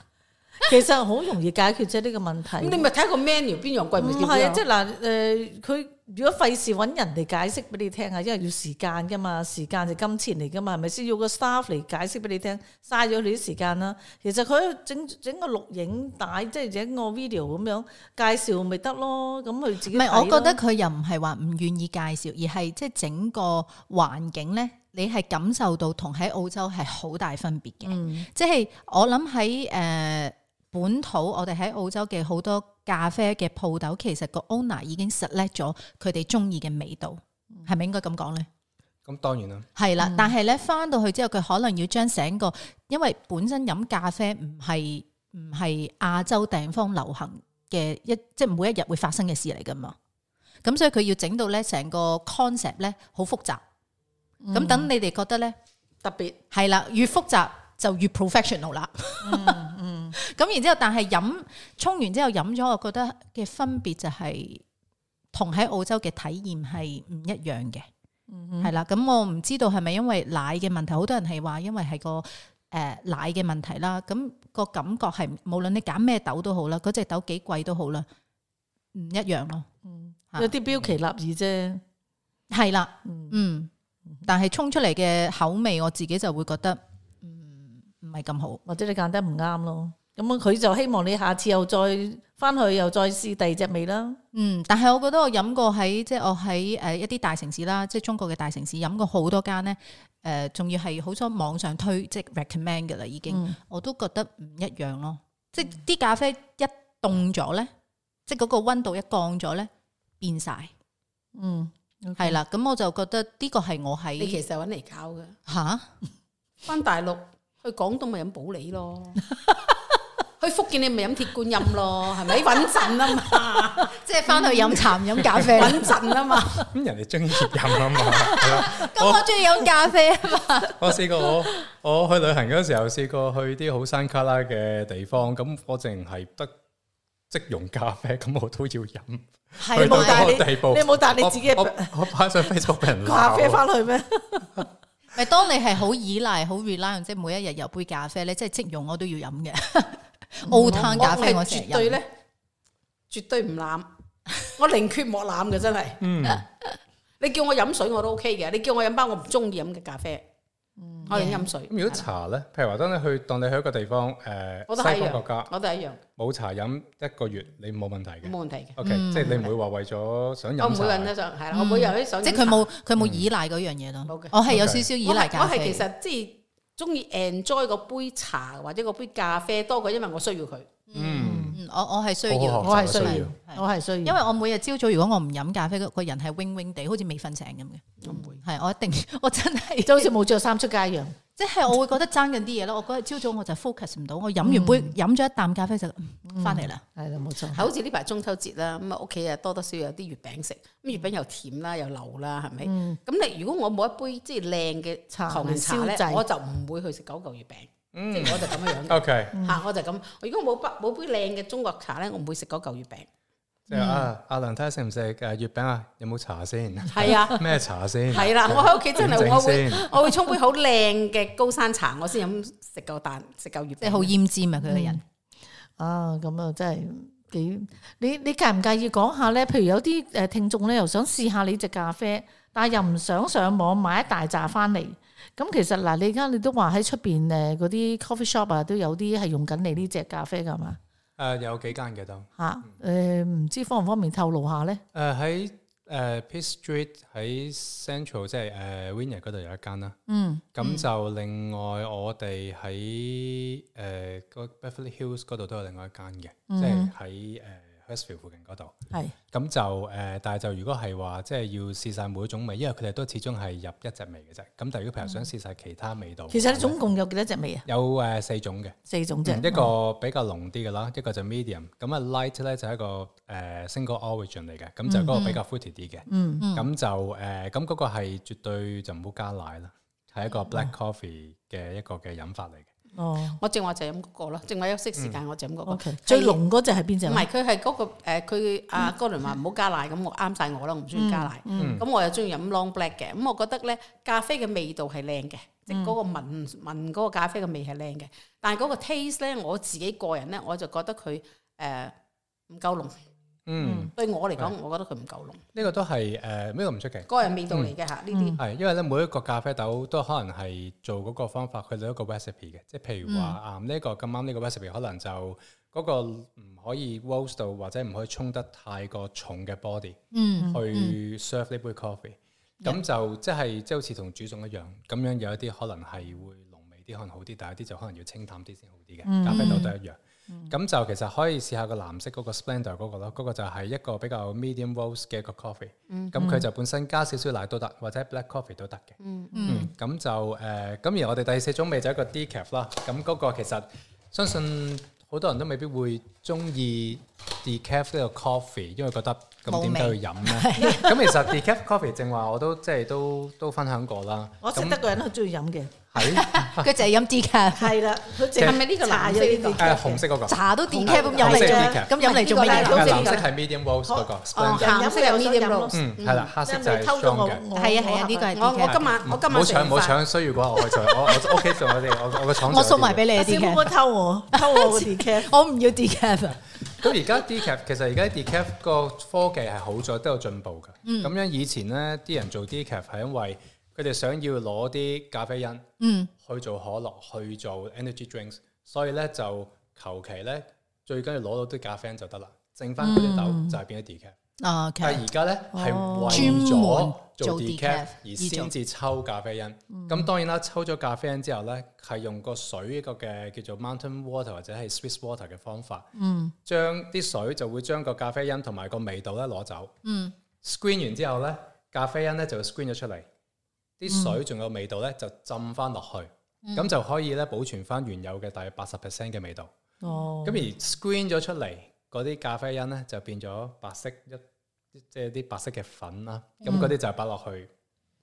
其實好容易解決啫，呢個問題、嗯。你咪睇個 menu 邊樣貴咪點樣唔係，嗯、是即係嗱，誒、呃，佢如果費事搵人嚟解釋俾你聽啊，因為要時間噶嘛，時間就金錢嚟噶嘛，係咪先？要個 staff 嚟解釋俾你聽，嘥咗你啲時間啦、啊。其實佢整整個錄影帶，即係整個 video 咁樣介紹，咪得咯。咁佢自己咪、嗯，我覺得佢又唔係話唔願意介紹，而係即係整個環境咧，你係感受到同喺澳洲係好大分別嘅。即係、嗯、我諗喺誒。呃本土我哋喺澳洲嘅好多咖啡嘅鋪頭，其實個 owner 已經 select 咗佢哋中意嘅味道，係咪、嗯、應該咁講呢？咁、嗯、當然啦，係啦。但係咧返到去之後，佢可能要將成個，因為本身飲咖啡唔係唔係亞洲地方流行嘅一，即、就、係、是、每一日會發生嘅事嚟噶嘛。咁所以佢要到整到咧成個 concept 咧好複雜。咁等、嗯、你哋覺得咧特別係啦，越複雜就越 professional 啦。嗯咁然之後，但係飲沖完之後飲咗，我覺得嘅分別就係同喺澳洲嘅體驗係唔一樣嘅，係啦、嗯哼。咁我唔知道係咪因為奶嘅問題，好多人係話因為係個誒、呃、奶嘅問題啦。咁、那個感覺係無論你揀咩豆都好啦，嗰、那、隻、個、豆幾貴都好啦，唔一樣咯、嗯。有啲標奇立異啫，係啦的。嗯，嗯嗯但係沖出嚟嘅口味，我自己就會覺得，唔係咁好，或者你揀得唔啱咯。咁佢就希望你下次又再翻去又再試第二隻味啦。嗯，但係我覺得我飲過喺即係我喺誒一啲大城市啦，即、就、係、是、中國嘅大城市飲過好多間呢，誒、呃，仲要係好多網上推即係 recommend 嘅啦，已經、嗯、我都覺得唔一樣咯。即係啲、嗯、咖啡一凍咗呢，即係嗰個溫度一降咗呢，變晒。嗯，係 Okay. 啦。咁我就覺得呢個係我喺你其實搵嚟搞嘅吓，翻蛤 大陸去廣東咪飲普洱咯。 去福建你咪飲鐵觀音咯，係咪穩陣啊嘛？即係翻去飲茶飲咖啡穩陣啊嘛。咁人哋中意飲啊嘛。咁我中意飲咖啡啊嘛。我試過我我去旅行嗰時候試過去啲好山卡拉嘅地方，咁我淨係得即溶咖啡，咁我都要飲。係冇你，冇帶你自己。我翻上非洲俾人咖啡翻去咩？咪當你係好依賴好 rely，即係每一日有杯咖啡咧，你即係即溶我都要飲嘅。澳嘆咖啡我絕對咧，絕對唔濫，我寧缺莫濫嘅真係。嗯，你叫我飲水我都 OK 嘅，你叫我飲包我唔中意飲嘅咖啡，我寧願飲水。咁如果茶咧，譬如話當你去當你去一個地方，誒，西方國家，我都係一樣冇茶飲一個月，你冇問題嘅，冇問題嘅。OK，即係你唔會話為咗想飲，我唔會為咗想係啦，我每日都想，即係佢冇佢冇依賴嗰樣嘢咯。我係有少少依賴，我係其實即係。中意 enjoy 嗰杯茶或者嗰杯咖啡多過，因為我需要佢。嗯，我我係需要，我係需要，我係需要。是需要，因為我每日朝早如果我唔飲咖啡，個人係 wing wing 地，好似未瞓醒咁嘅。唔會係我一定，我真係就好似冇着衫出街一樣。 即係我會覺得爭緊啲嘢咯，我今日朝早我就 focus 唔到，我飲完杯飲咗、嗯、一啖咖啡就翻嚟啦。係啦、嗯，冇錯。錯好似呢排中秋節啦，咁啊屋企啊多多少有啲月餅食，咁月餅又甜啦又流啦，係咪？咁你、嗯、如果我冇一杯即係靚嘅糖年茶咧，我就唔會去食九舊月餅。即係、嗯、我就咁樣樣。OK，吓我就咁。如果冇杯冇杯靚嘅中國茶咧，我唔會食九舊月餅。阿阿、嗯啊、梁睇下食唔食誒月餅啊？有冇茶先？係啊，咩 茶先？係啦、啊，我喺屋企真係 我會 我會沖杯好靚嘅高山茶，我先飲食夠蛋食夠月餅。即係好奄尖嘛佢個人啊，咁、嗯、啊真係幾，你你介唔介意講下咧？譬如有啲誒聽眾咧，又想試下你隻咖啡，但係又唔想上網買一大紮翻嚟。咁其實嗱，你而家你都話喺出邊誒嗰啲 coffee shop 啊，都有啲係用緊你呢隻咖啡噶嘛？啊、呃，有幾間嘅都嚇，誒唔、呃、知方唔方便透露下咧？誒喺誒 Pitt Street 喺 Central 即係誒 Wynyard 嗰度有一間啦，嗯，咁就另外我哋喺誒 Beverly Hills 嗰度都有另外一間嘅，嗯、即係喺誒。呃附近嗰度，係咁就誒，但係就如果係話即係要試晒每一種味，因為佢哋都始終係入一隻味嘅啫。咁但係如果譬如想試晒其他味道，其實咧總共有幾多隻味啊？有誒四種嘅，四種啫。一個比較濃啲嘅啦，一個就 medium，咁啊 light 咧就係一個誒 single origin 嚟嘅，咁就嗰個比較 fruity 啲嘅。嗯嗯，咁就誒，咁嗰個係絕對就唔好加奶啦，係一個 black coffee 嘅一個嘅飲法嚟嘅。哦，oh. 我正話就飲嗰、那個咯，正話休息時間我就飲嗰、那個。Okay, 他最濃嗰隻係邊隻？唔係，佢係嗰個誒，佢、呃、阿、啊嗯、哥倫話唔好加奶咁，我啱晒我咯，我唔中意加奶。咁、嗯、我又中意飲 long black 嘅，咁我覺得咧，咖啡嘅味道係靚嘅，即嗰、嗯、個聞聞嗰個咖啡嘅味係靚嘅。嗯、但係嗰個 taste 咧，我自己個人咧，我就覺得佢誒唔夠濃。呃嗯，對我嚟講，我覺得佢唔夠濃。呢個都係誒，呢個唔出奇。個人味道嚟嘅嚇，呢啲係因為咧，每一個咖啡豆都可能係做嗰個方法，佢有一個 recipe 嘅。即係譬如話啊，呢個咁啱呢個 recipe 可能就嗰個唔可以 roast 到或者唔可以沖得太過重嘅 body，嗯，去 serve 呢杯 coffee。咁就即係即係好似同煮餸一樣，咁樣有一啲可能係會濃味啲，可能好啲，但係有啲就可能要清淡啲先好啲嘅。咖啡豆都一樣。咁、嗯、就其實可以試下個藍色嗰個 Splendor 嗰、那個咯，嗰、那個就係一個比較 medium roast 嘅一個 coffee。咁佢、嗯、就本身加少少奶都得，或者 black coffee 都得嘅。嗯嗯，咁、嗯嗯、就誒，咁、呃、而我哋第四種味就一個 decaf 啦。咁嗰個其實相信好多人都未必會中意 decaf 呢個 coffee，因為覺得咁點解要飲咧？咁味其實 decaf coffee 正話我都即係都都分享過啦。我識得個人都中意飲嘅。係佢就係飲 decaf，係啦，係咪呢個茶？呢個誒，紅色嗰個茶都 decaf 咁飲嚟啦，咁飲嚟做咩？藍色係 medium roast 嗰個，哦，茶色係 medium roast，嗯，係啦，黑色就係 strong 嘅，係啊係啊，呢個係我我今晚我今晚送翻。唔好搶唔好搶，所以如果我我 ok，我哋我我嘅廠。我送埋俾你啲卡。偷我偷我我唔要 decaf。咁而家 decaf 其實而家 decaf 個科技係好咗，都有進步噶。咁樣以前咧，啲人做 decaf 係因為。佢哋想要攞啲咖啡因，嗯，去做可樂，嗯、去做 energy drinks，所以咧就求其咧最緊要攞到啲咖啡因就得啦，剩翻嗰啲豆就係變咗 decaf、嗯 okay，但係而家咧係為咗做 decaf 而先至抽咖啡因。咁、嗯、當然啦，抽咗咖啡因之後咧，係用個水一個嘅叫做 mountain water 或者係 swiss water 嘅方法，嗯，將啲水就會將個咖啡因同埋個味道咧攞走。嗯，screen 完之後咧，咖啡因咧就會 screen 咗出嚟。啲、嗯、水仲有味道咧，就浸翻落去，咁、嗯、就可以咧保存翻原有嘅大約八十 percent 嘅味道。哦，咁而 screen 咗出嚟嗰啲咖啡因咧，就變咗白色一即係啲白色嘅粉啦。咁嗰啲就擺落去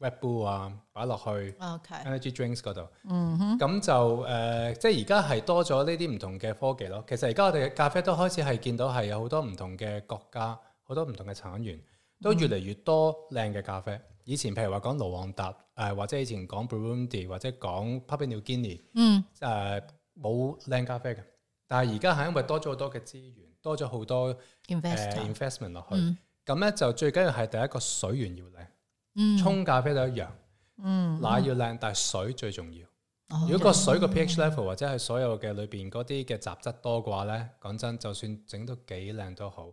Red Bull 啊，擺落去 Energy Drinks 嗰度。嗯，咁哼就誒、呃，即係而家係多咗呢啲唔同嘅科技咯。其實而家我哋嘅咖啡都開始係見到係有好多唔同嘅國家，好多唔同嘅產源，都越嚟越多靚嘅咖啡。以前譬如話講盧旺達，誒、呃、或者以前講 Burundi 或者講 Papua New Guinea，嗯，誒冇靚咖啡嘅。但係而家係因為多咗好多嘅資源，多咗好多、呃、Investor、investment 落去，咁咧、嗯、就最緊要係第一個水源要靚，嗯、沖咖啡都一樣，嗯、奶要靚，但係水最重要。嗯、如果個水個 pH level 或者係所有嘅裏邊嗰啲嘅雜質多嘅話咧，講真，就算整到幾靚都好，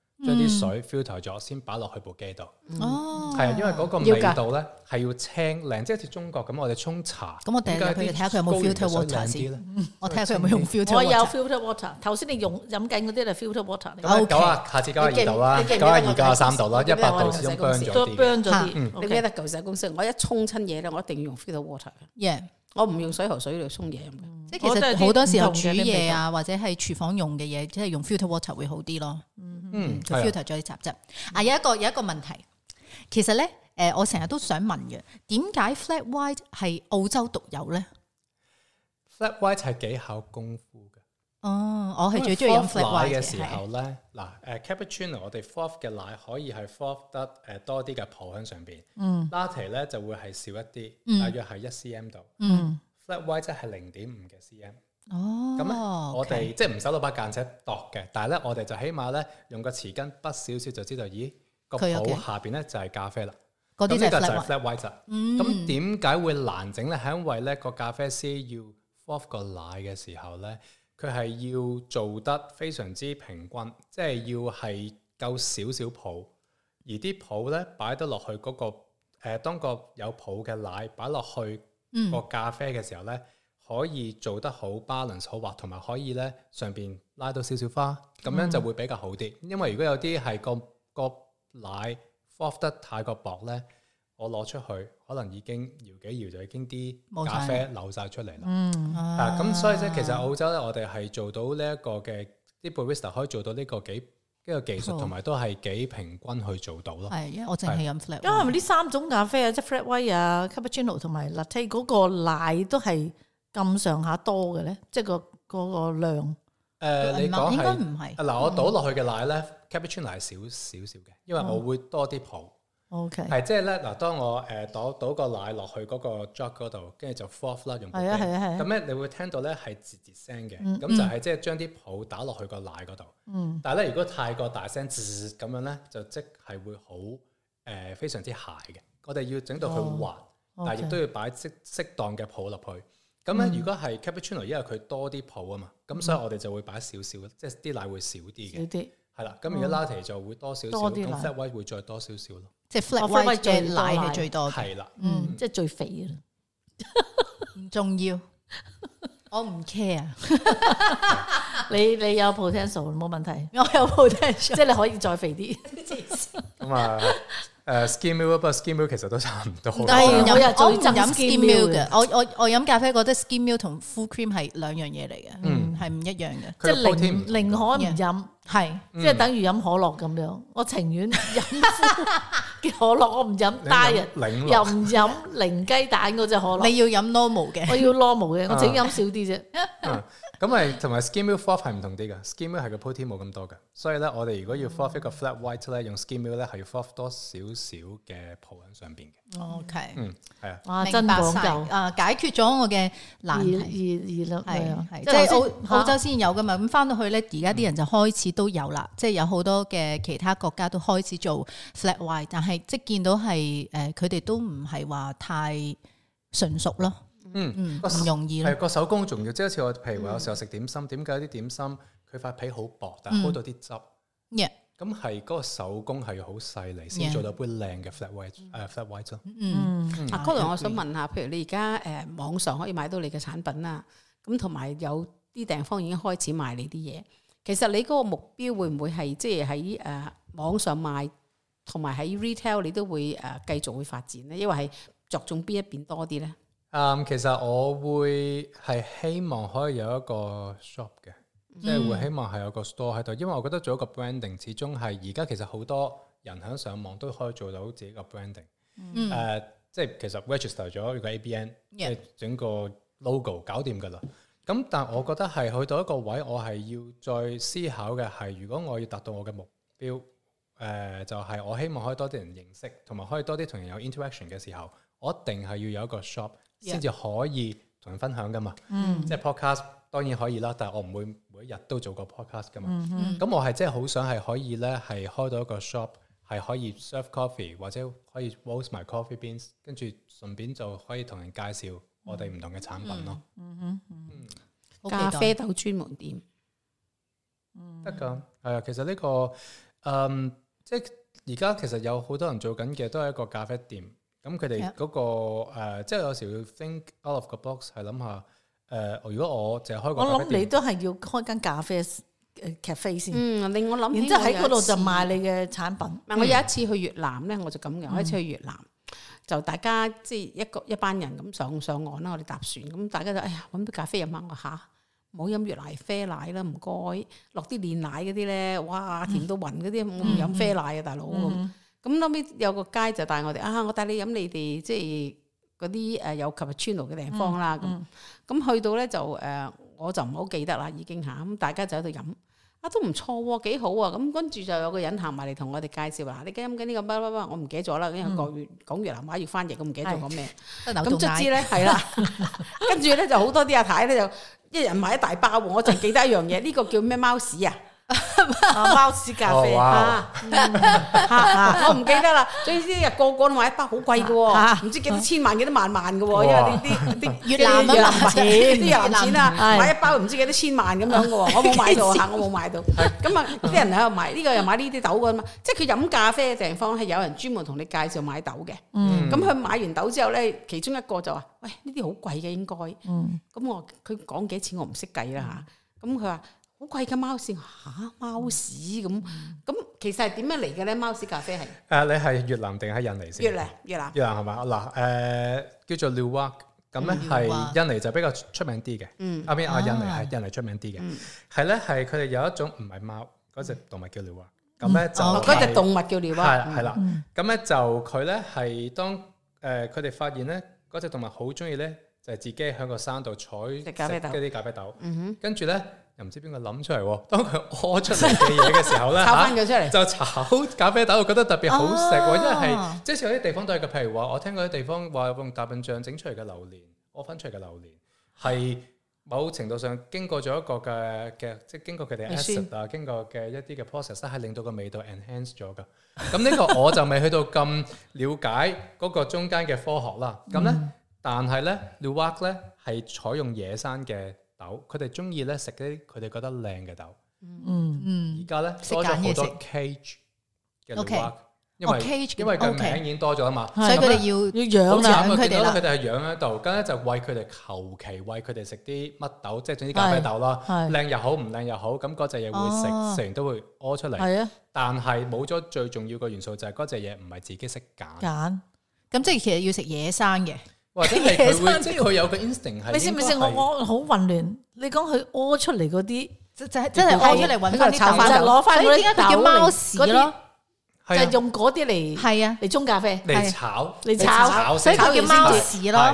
將啲水 filter 咗先擺落去部機度。哦，係啊，因為嗰個味道咧係要清涼，即係好似中國咁，我哋沖茶。咁我訂啲睇下佢有冇 filter water 先啦。我睇下佢有冇用 filter water。我有 filter water。頭先你用飲緊嗰啲係 filter water。好，九啊！下次九二度啦，九交三度啦，一百度已經燶咗啲。燶咗啲。你記得舊世公司，我一沖親嘢咧，我一定要用 filter water。Yeah. 我唔用水喉水嚟沖嘢嘅，即係、嗯、其實好多時候煮嘢啊，或者係廚房用嘅嘢，即係用 filter water 會好啲咯。嗯嗯，filter 咗啲雜質。啊，有一個有一個問題，其實咧，誒、呃，我成日都想問嘅，點解 flat white 係澳洲獨有咧？Flat white 係幾巧功夫？哦，我係最中意飲 flat white 嘅時候咧。嗱，誒 cappuccino 我哋 four 嘅奶可以係 four 得誒多啲嘅泡喺上邊，latte 咧就會係少一啲，大約係一 cm 度。flat white 即係零點五嘅 cm。哦，咁我哋即係唔使攞把間尺度嘅，但係咧我哋就起碼咧用個匙羹不少少就知道，咦個泡下邊咧就係咖啡啦。呢啲就係 flat white。嗯。咁點解會難整咧？係因為咧個咖啡師要 four 個奶嘅時候咧。佢係要做得非常之平均，即係要係夠少少泡，而啲泡咧擺得落去嗰、那個誒、呃，當個有泡嘅奶擺落去個咖啡嘅時候咧，可以做得好 balance 好滑，同埋可以咧上邊拉到少少花，咁、嗯、樣就會比較好啲。因為如果有啲係個個奶 fold 得太過薄咧。我攞出去，可能已經搖幾搖就已經啲咖啡流曬出嚟啦。嗯，啊，咁所以即係其實澳洲咧，我哋係做到呢一個嘅啲 barista 可以做到呢個幾呢個技術，同埋都係幾平均去做到咯。係，我淨係飲 flat。咁係咪呢三種咖啡啊，即係 flat white 啊，cappuccino 同埋 latte 嗰個奶都係咁上下多嘅咧？即係個嗰個量。誒，你講應該唔係。嗱，我倒落去嘅奶咧，cappuccino 係少少少嘅，因為我會多啲泡。O K. 係，即係咧，嗱，當我誒倒倒個奶落去嗰個 jug 嗰度，跟住就 fall 啦，用杯。係啊係啊係。咁咧你會聽到咧係吱吱聲嘅，咁就係即係將啲泡打落去個奶嗰度。但係咧，如果太過大聲，吱，咁樣咧，就即係會好誒，非常之蟹嘅。我哋要整到佢滑，但係亦都要擺適適當嘅泡落去。咁咧，如果係 Cappuccino 因為佢多啲泡啊嘛，咁所以我哋就會擺少少，即係啲奶會少啲嘅。少啲。係啦，咁如果 Latte 就會多少少，咁 flat white 會再多少少咯。即係 fat 嘅奶係最多，嗯，即係最肥嘅啦，唔重要，我唔 care，你你有 potential 冇問題，我有 potential，即係你可以再肥啲，咁啊。誒 s k i m milk，但係 s k i m milk 其實都差唔多。但係我我唔飲 skim milk 嘅，我我我飲咖啡覺得 s k i m milk 同 full cream 係兩樣嘢嚟嘅，嗯係唔一樣嘅，即係寧寧可唔飲，係即係等於飲可樂咁樣。我情願飲可樂我唔飲，diet 又唔飲零雞蛋嗰隻可樂。你要飲 normal 嘅，我要 normal 嘅，我整飲少啲啫。咁係同埋 skim milk froth 係唔同啲噶，skim milk 係個 protein 冇咁多噶，所以咧我哋如果要 froth 個 flat white 咧、嗯，用 skim milk 咧係要 froth 多少少嘅鋪喺上邊嘅。OK，嗯，係啊，哇，真晒啊，解決咗我嘅難題，二二六係啊，即係澳澳洲先有噶嘛，咁翻到去咧，而家啲人就開始都有啦，嗯、即係有好多嘅其他國家都開始做 flat white，但係即係見到係誒，佢、呃、哋都唔係話太純熟咯。嗯，個唔容易咯，係個手工重要，即係好似我譬如話，有時候食點心，點解啲點心佢塊皮好薄，但係開到啲汁？咁係嗰個手工係好細膩，先做到杯靚嘅 flat white，flat white 嗯，嗯嗯啊，剛才、啊、我想問下，譬、嗯、如你而家誒網上可以買到你嘅產品啦，咁同埋有啲訂方已經開始賣你啲嘢，其實你嗰個目標會唔會係即係喺誒網上賣，同埋喺 retail 你都會誒繼續會發展咧？因為係着重邊一邊多啲咧？啊，um, 其實我會係希望可以有一個 shop 嘅，嗯、即係會希望係有個 store 喺度，因為我覺得做一個 branding，始終係而家其實好多人喺上網都可以做到自己個 branding。誒、嗯，uh, 即係其實 register 咗個 ABN，Yeah. 整個 logo 搞掂㗎喇。咁但我覺得係去到一個位，我係要再思考嘅係，如果我要達到我嘅目標，誒、呃、就係、是、我希望可以多啲人認識，同埋可以多啲同人有 interaction 嘅時候，我一定係要有一個 shop。先至可以同人分享噶嘛？嗯，即係 podcast 當然可以啦，但係我唔會每一日都做個 podcast 噶嘛。嗯咁、嗯、我係真係好想係可以咧，係開到一個 shop，係可以 serve coffee 或者可以 roast my coffee beans，跟住順便就可以同人介紹我哋唔同嘅產品咯。嗯嗯嗯，咖啡豆專門店。得噶、嗯，係啊，其實呢、呢個嗯，即係而家其實有好多人做緊嘅都係一個咖啡店。咁佢哋嗰個誒 Yeah.、呃，即係有時要 think out of the box，係諗下誒、呃，如果我淨係開個我諗你都係要開間咖啡誒咖，咖啡先。嗯，令我諗。然之後喺嗰度就賣你嘅產品。我有，嗯、我有一次去越南咧，我就咁嘅。我開始去越南，就大家即係、就是、一個一班人咁上上岸啦，我哋搭船，咁大家就哎呀，搵杯咖啡飲下我吓唔好飲越南啡奶啦，唔該，落啲煉奶嗰啲咧，哇，甜到暈嗰啲，我唔飲啡奶啊，大佬咁。嗯咁後尾有個街就帶我哋啊，我帶你飲你哋即係嗰啲誒，有琴日村落嘅地方啦。咁咁去到咧就誒，我就唔好記得啦已經嚇。咁大家就喺度飲，啊都唔錯喎，幾好啊。咁跟住就有個人行埋嚟同我哋介紹啦。你而家飲緊呢個乜乜乜？我唔記得咗啦。因為講越講越南話越翻譯，我唔記得咗講咩。咁總之咧係啦，跟住咧就好多啲阿太咧就一人買一大包喎。我淨記得一樣嘢，呢個叫咩貓屎啊？貓屎咖啡啊！我唔記得啦。總之一日個個都買一包，好貴嘅，唔知幾多千萬、幾多萬萬嘅。因為啲啲啲越南嘅錢，啲越南錢啊，買一包唔知幾多千萬咁樣嘅。我冇買到吓，我冇買到。咁啊，啲人喺度買呢個又買呢啲豆嘅嘛。即係佢飲咖啡嘅地方係有人專門同你介紹買豆嘅。咁佢買完豆之後咧，其中一個就話：喂，呢啲好貴嘅，應該。咁我佢講幾多錢，我唔識計啦吓。咁佢話。好貴㗎貓屎吓，貓屎咁咁，其實係點樣嚟嘅咧？貓屎咖啡係誒，你係越南定係印尼先？越南越南越南係嘛嗱誒，叫做 Luwak 咁咧，係印尼就比較出名啲嘅。嗯，阿邊阿印尼係印尼出名啲嘅，係咧係佢哋有一種唔係貓嗰隻動物叫 Luwak，咁咧就嗰隻動物叫 Luwak 係啦。咁咧就佢咧係當誒，佢哋發現咧嗰隻動物好中意咧。就係自己喺個山度採食嗰啲咖啡豆，跟住、嗯、哼呢，又唔知邊個諗出嚟，當佢屙出嚟嘅嘢嘅時候呢 來、啊，就炒咖啡豆，我覺得特別好食，啊、因為係即係有啲地方都係嘅，譬如話我聽過啲地方話用大笨象整出嚟嘅榴蓮，屙翻出嚟嘅榴蓮係、嗯、某程度上經過咗一個嘅嘅，即係經過佢哋 acid 啊，經過嘅一啲嘅 process 係令到個味道 enhance 咗噶。咁呢 個我就未去到咁了解嗰個中間嘅科學啦。咁呢？嗯嗯但係咧 lewak 咧係採用野生嘅豆，佢哋中意咧食啲佢哋覺得靚嘅豆。嗯嗯。而家咧多咗好多 cage 嘅 lewak，因為因為個名已經多咗啊嘛，所以佢哋要要養佢哋。好似我見到佢哋係養喺度，跟咧就餵佢哋，求其餵佢哋食啲乜豆，即係總之咖啡豆啦，靚又好唔靚又好，咁嗰隻嘢會食，食完會屙出嚟。係啊，但係冇咗最重要個元素就係嗰隻嘢唔係自己識揀。揀，咁即係其實要食野生嘅。或者係佢，即係佢有個 instinct 係。你識唔識我？我好混亂。你講佢屙出嚟嗰啲，就就係真係屙出嚟搵翻啲炒飯就攞翻嗰啲豆嚟。嗰啲就用嗰啲嚟，係啊嚟沖咖啡，嚟炒，嚟炒炒。所以佢叫貓屎咯。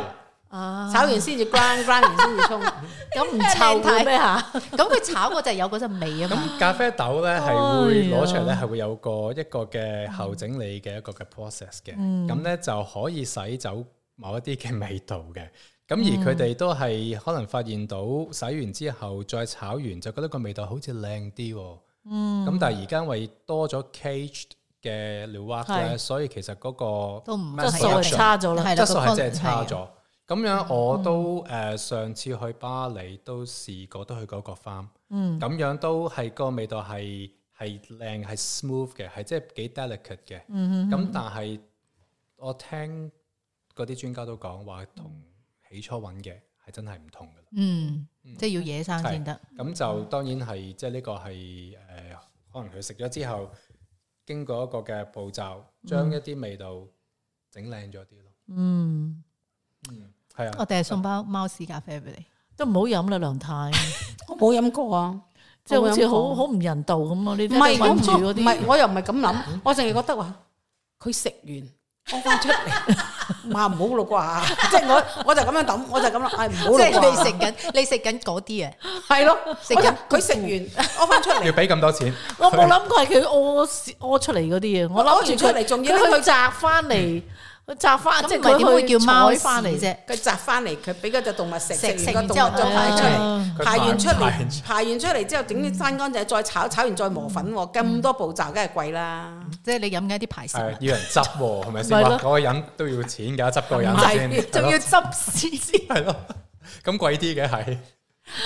啊，炒完先至 grind grind 完先至沖，咁唔臭嘅咩吓？咁佢炒嗰就係有嗰陣味啊。咁咖啡豆咧係會攞出嚟咧係會有個一個嘅後整理嘅一個嘅 process 嘅，咁咧就可以洗走。某一啲嘅味道嘅，咁而佢哋都係可能發現到洗完之後再炒完，就覺得個味道好似靚啲喎。嗯，咁但係而家為多咗 caged 嘅 luwak 咧是，所以其實嗰個都質素係差咗啦，質素係的真係差咗。咁的樣我都誒、嗯、上次去巴黎都試過都去嗰個 farm，咁、嗯、樣都係個味道係係靚係 smooth 嘅，係即係幾 delicate 嘅。嗯咁但係我聽。嗰啲專家都講話同起初揾嘅係真係唔同㗎，嗯，嗯，即、就、係、是、要野生先得。咁、嗯、就當然係，即係呢個係誒、呃，可能佢食咗之後，經過一個嘅步驟，將一啲味道整靚咗啲咯。嗯，嗯，係啊。我第日送包貓屎咖啡俾你，都唔好飲啦，梁太。 我冇飲過啊，即係好似、啊、好好唔人道咁啊！呢啲唔係我唔係，我，我又唔係咁諗，嗯、我淨係覺得話佢食完。屙翻出嚟，唔好啦啩！ 即係我，我就咁樣抌，我就咁啦，唔好即係你食緊，你食緊嗰啲嘢，係 咯，食緊佢食完， 屙翻出嚟要俾咁多錢。我冇諗過係佢屙屙出嚟嗰啲嘢。我諗住出嚟仲要佢摘翻嚟。嗯佢摘翻，即係佢點會叫貓翻嚟啫？佢摘翻嚟，佢俾嗰隻動物食食完，之後再排出嚟，排完出嚟，排完出嚟之後，整翻乾淨，再炒炒完再磨粉，咁多步驟梗係貴啦。即係你飲緊啲牌子，要人執喎，係咪先？嗰個人都要錢噶，執個人先，仲要執屎屎，係咯，咁貴啲嘅係。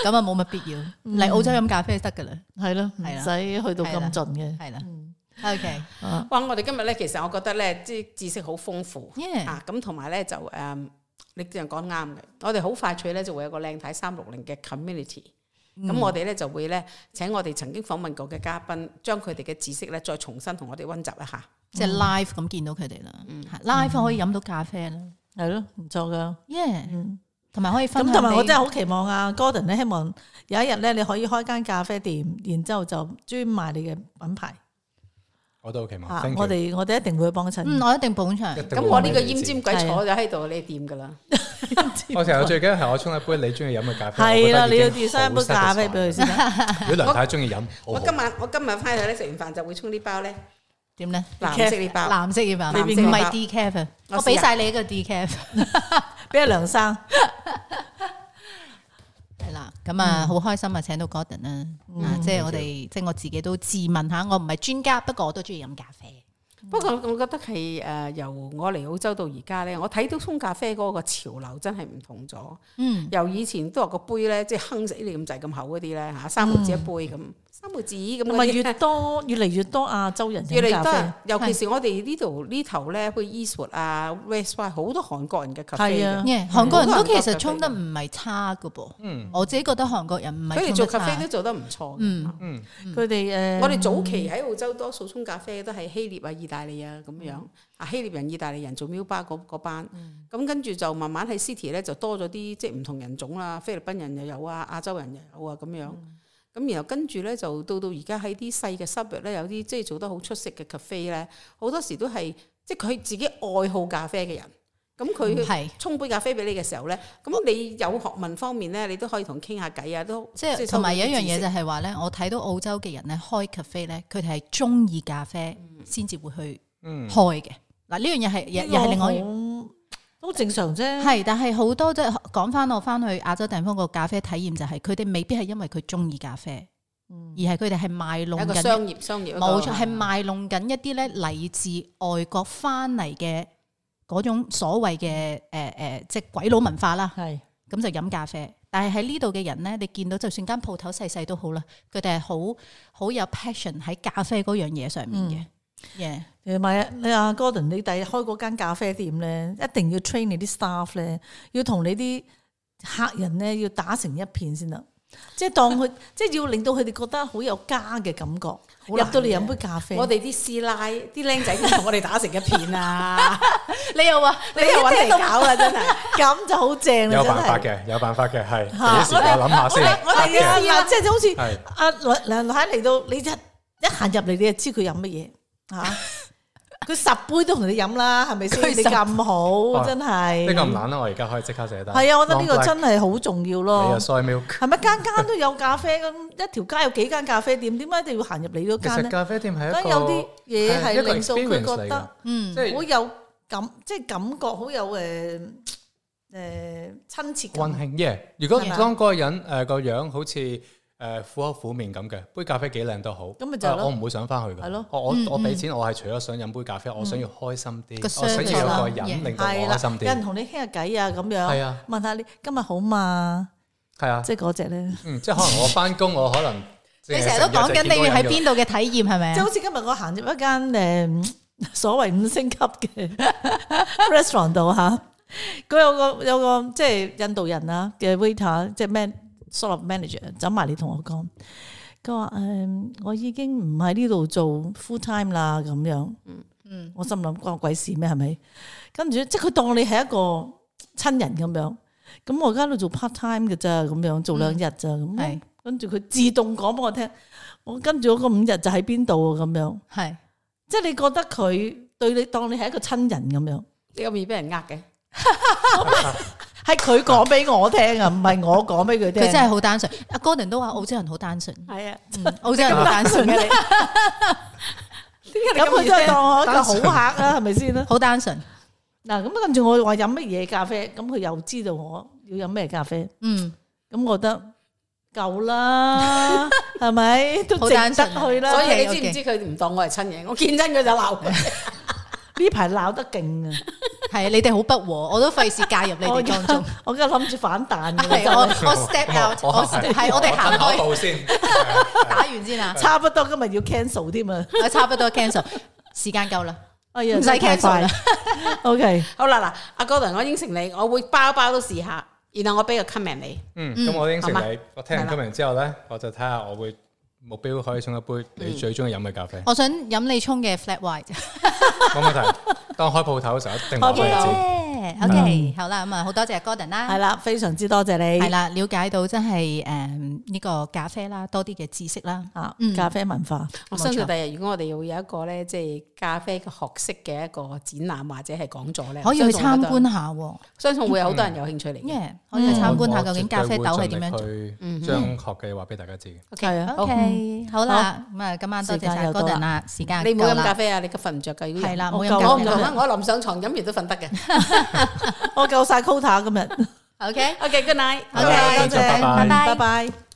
咁啊，冇乜必要嚟澳洲飲咖啡得噶啦，係咯，唔使去到咁盡嘅，係啦。O.K. okay. 哇！我哋今日咧，其實我覺得咧，啲知，知識好豐富 Yeah. 啊！咁同埋咧，就誒、嗯，你啲人講啱嘅。我哋好快脆咧，就會有個靚太三六零嘅 Community、mm. 嗯。咁我哋咧就會咧請我哋曾經訪問過嘅嘉賓，將佢哋嘅知識咧再重新同我哋温習一下，mm. 即係 live 咁見到佢哋啦。Mm. Mm. live 可以飲到咖啡啦，係咯，唔錯噶。y 同埋可以分享。咁同埋我真係好期望啊，Gordon 咧，希望有一日咧你可以開間咖啡店，然之後，後就專賣你嘅品牌。我都好期望。嚇，我哋我哋一定會幫襯。嗯，我一定捧場。咁我呢個奄尖鬼坐咗喺度，你掂噶啦。我其實最緊係我沖一杯你中意飲嘅咖啡。係啦，你要 design 一杯咖啡俾佢先。如果梁太中意飲，我今晚我今日翻去咧食完飯就會沖啲包咧。點咧？藍色啲包，藍色啲包，唔係 decaf。我俾曬你一個 decaf，俾阿梁生。咁啊，好、嗯、開心、嗯、啊！請到 Gordon 啦，嗱、嗯，即係我哋，即係我自己都自問下，我唔係專家，不過我都中意飲咖啡。不過我覺得係誒、呃，由我嚟澳洲到而家咧，我睇到沖咖啡嗰個潮流真係唔同咗。嗯，由以前都話個杯咧，即係坑死你咁滯咁厚嗰啲咧嚇，三毫紙一杯咁。嗯三木、啊、子咁，咪越多越嚟越多亞洲人越嚟多，尤其是我哋呢度呢頭咧，去是 Eastwood 啊、Westside 好多韓國人嘅咖啡嘅，韓國人都其實沖得唔係差嘅噃。嗯、我自己覺得韓國人唔係。佢哋做咖啡都做得唔錯。嗯。嗯，佢哋誒，uh, 我哋早期喺澳洲，多數沖咖啡都係希臘啊、意大利啊咁樣。啊、嗯，希臘人、意大利人做 Milk Bar 嗰班，咁、嗯、跟住就慢慢喺 City 咧，就多咗啲即係唔同人種啦，菲律賓人又有啊，亞洲人又有啊咁樣。嗯咁然後跟住咧，就到到而家喺啲細嘅 suburb 咧，sub ir, 有啲即係做得好出色嘅 cafe 咧，好多時都係即係佢自己愛好咖啡嘅人，咁佢係沖杯咖啡俾你嘅時候咧，咁是你有學問方面咧，你都可以同傾下偈啊，都即係同埋有一樣嘢就係話咧，我睇到澳洲嘅人咧開 cafe 咧，佢哋係中意咖啡先至會去開嘅，嗱呢樣嘢係又這個 又係另外。哦都正常啫，係但係好多即係講翻我翻去亞洲地方個咖啡體驗就係佢哋未必係因為佢中意咖啡，嗯、而係佢哋係賣弄一個商業商業、那個，冇錯係賣弄緊一啲咧嚟自外國翻嚟嘅嗰種所謂嘅誒誒，即係鬼佬文化啦。係咁、嗯、就飲咖啡，但係喺呢度嘅人咧，你見到就算間鋪頭細細都好啦，佢哋係好好有 passion 喺咖啡嗰樣嘢上面嘅。嗯耶！誒 Yeah.、啊，埋你阿 Gordon 你第日開嗰間咖啡店咧，一定要 train 你啲 staff 咧，要同你啲客人咧，要打成一片先得，即係當佢， 即係要令到佢哋覺得好有家嘅感覺，入到嚟飲杯咖啡。我哋啲師奶、啲靚仔同我哋打成一片啊！你又話你又搵嚟搞啊！真係咁就好正，有辦法嘅，有辦法嘅，係有諗下先。我哋啊，嗱，即係好似阿梁，嗱，梁太嚟到，你一一行入嚟，你就知佢飲乜嘢。吓！佢十杯都同你飲啦，係咪先？你咁好，真係。你咁懶啦，我而家可以即刻寫得。係啊，我覺得呢個真係好重要咯。你又帥咩？係咪間間都有咖啡咁？一條街有幾間咖啡店，點解一定要行入你嗰間咖啡店係一個有啲嘢，係令到佢覺得，嗯，即係好有感，即係感覺好有誒誒親切。溫馨！耶！如果當嗰個人誒個樣好似。誒，苦口苦面咁，嘅杯咖啡幾靚都好，我唔會想翻去嘅。我我我俾錢，我係除咗想飲杯咖啡，我想要開心啲。我想要有個人令到我開心啲。有人同你傾下偈啊，咁樣。係啊，問下你今日好嘛？係啊，即係嗰隻咧。嗯，即係可能我翻工，我可能你成日都講緊你要喺邊度嘅體驗係咪？即係好似今日我行入一間誒所謂五星級嘅 restaurant 度嚇，佢有個有個即係印度人啊嘅 waiter，即係 man？Solid sort of manager，走埋你同我講，佢話誒，我已經唔喺呢度做 full time 啦，咁樣，嗯嗯，嗯我心諗關我鬼事咩？係咪？跟住即係佢當你係一個親人咁樣，咁我而家喺度做 part time 嘅咋，咁樣做兩日咋，咁，係，跟住佢自動講俾我聽，我跟住我嗰五日就喺邊度啊，咁樣，係是，即係你覺得佢對你當你係一個親人咁樣，你有冇易俾人呃嘅？ 係佢講俾我聽啊，唔係我講俾佢聽。佢真係好單純。阿 Gordon 都話澳洲人好單純。係啊，澳洲人好單純。咁佢真係當我一個好客啦，係咪先啦？好單純。嗱，咁跟住我話飲乜嘢咖啡，咁佢又知道我要飲咩咖啡。嗯，咁我覺得夠啦，係咪都值得佢啦？所以你知唔知佢唔當我係親人？我見真佢就鬧佢。呢排鬧得勁啊！係啊，你哋好不和，我都費事介入你哋當中，我而家諗住反彈嘅，我我 step out，我係我哋行開步先，打完先啊，差不多今日要 cancel 添啊，係差不多 cancel，時間夠啦，哎呀，唔使 cancel 啦，OK，好啦嗱，阿 Gordon，我應承你，我會包包都試下，然後我俾個 comment 你，嗯，咁我應承你，我聽完 comment 之後咧，我就睇下我會。目標可以沖一杯你最中意飲嘅咖啡。我想飲你沖嘅 flat white。冇問題，當開鋪頭嗰時一定講俾你知。O K，好啦，咁啊，好多謝 Gordon 啦。係啦，非常之多謝你。係啦，了解到真係誒呢個咖啡啦，多啲嘅知識啦，啊，咖啡文化。我相信第日如果我哋會有一個咧，即係咖啡嘅學識嘅一個展覽或者係講座咧，可以去參觀下。相信會有好多人有興趣嚟。可以去參觀下究竟咖啡豆係點樣？嗯，將學嘅嘢話俾大家知。O K，好。好啦，咁啊今晚多謝晒啊，時間你唔好飲咖啡啊，你都瞓唔著㗎，係啦，冇飲咖啡唔同啊，我臨上床飲完都瞓得嘅，我夠晒 quota 今日。OK，OK，Good night，OK，多謝，拜拜，拜拜。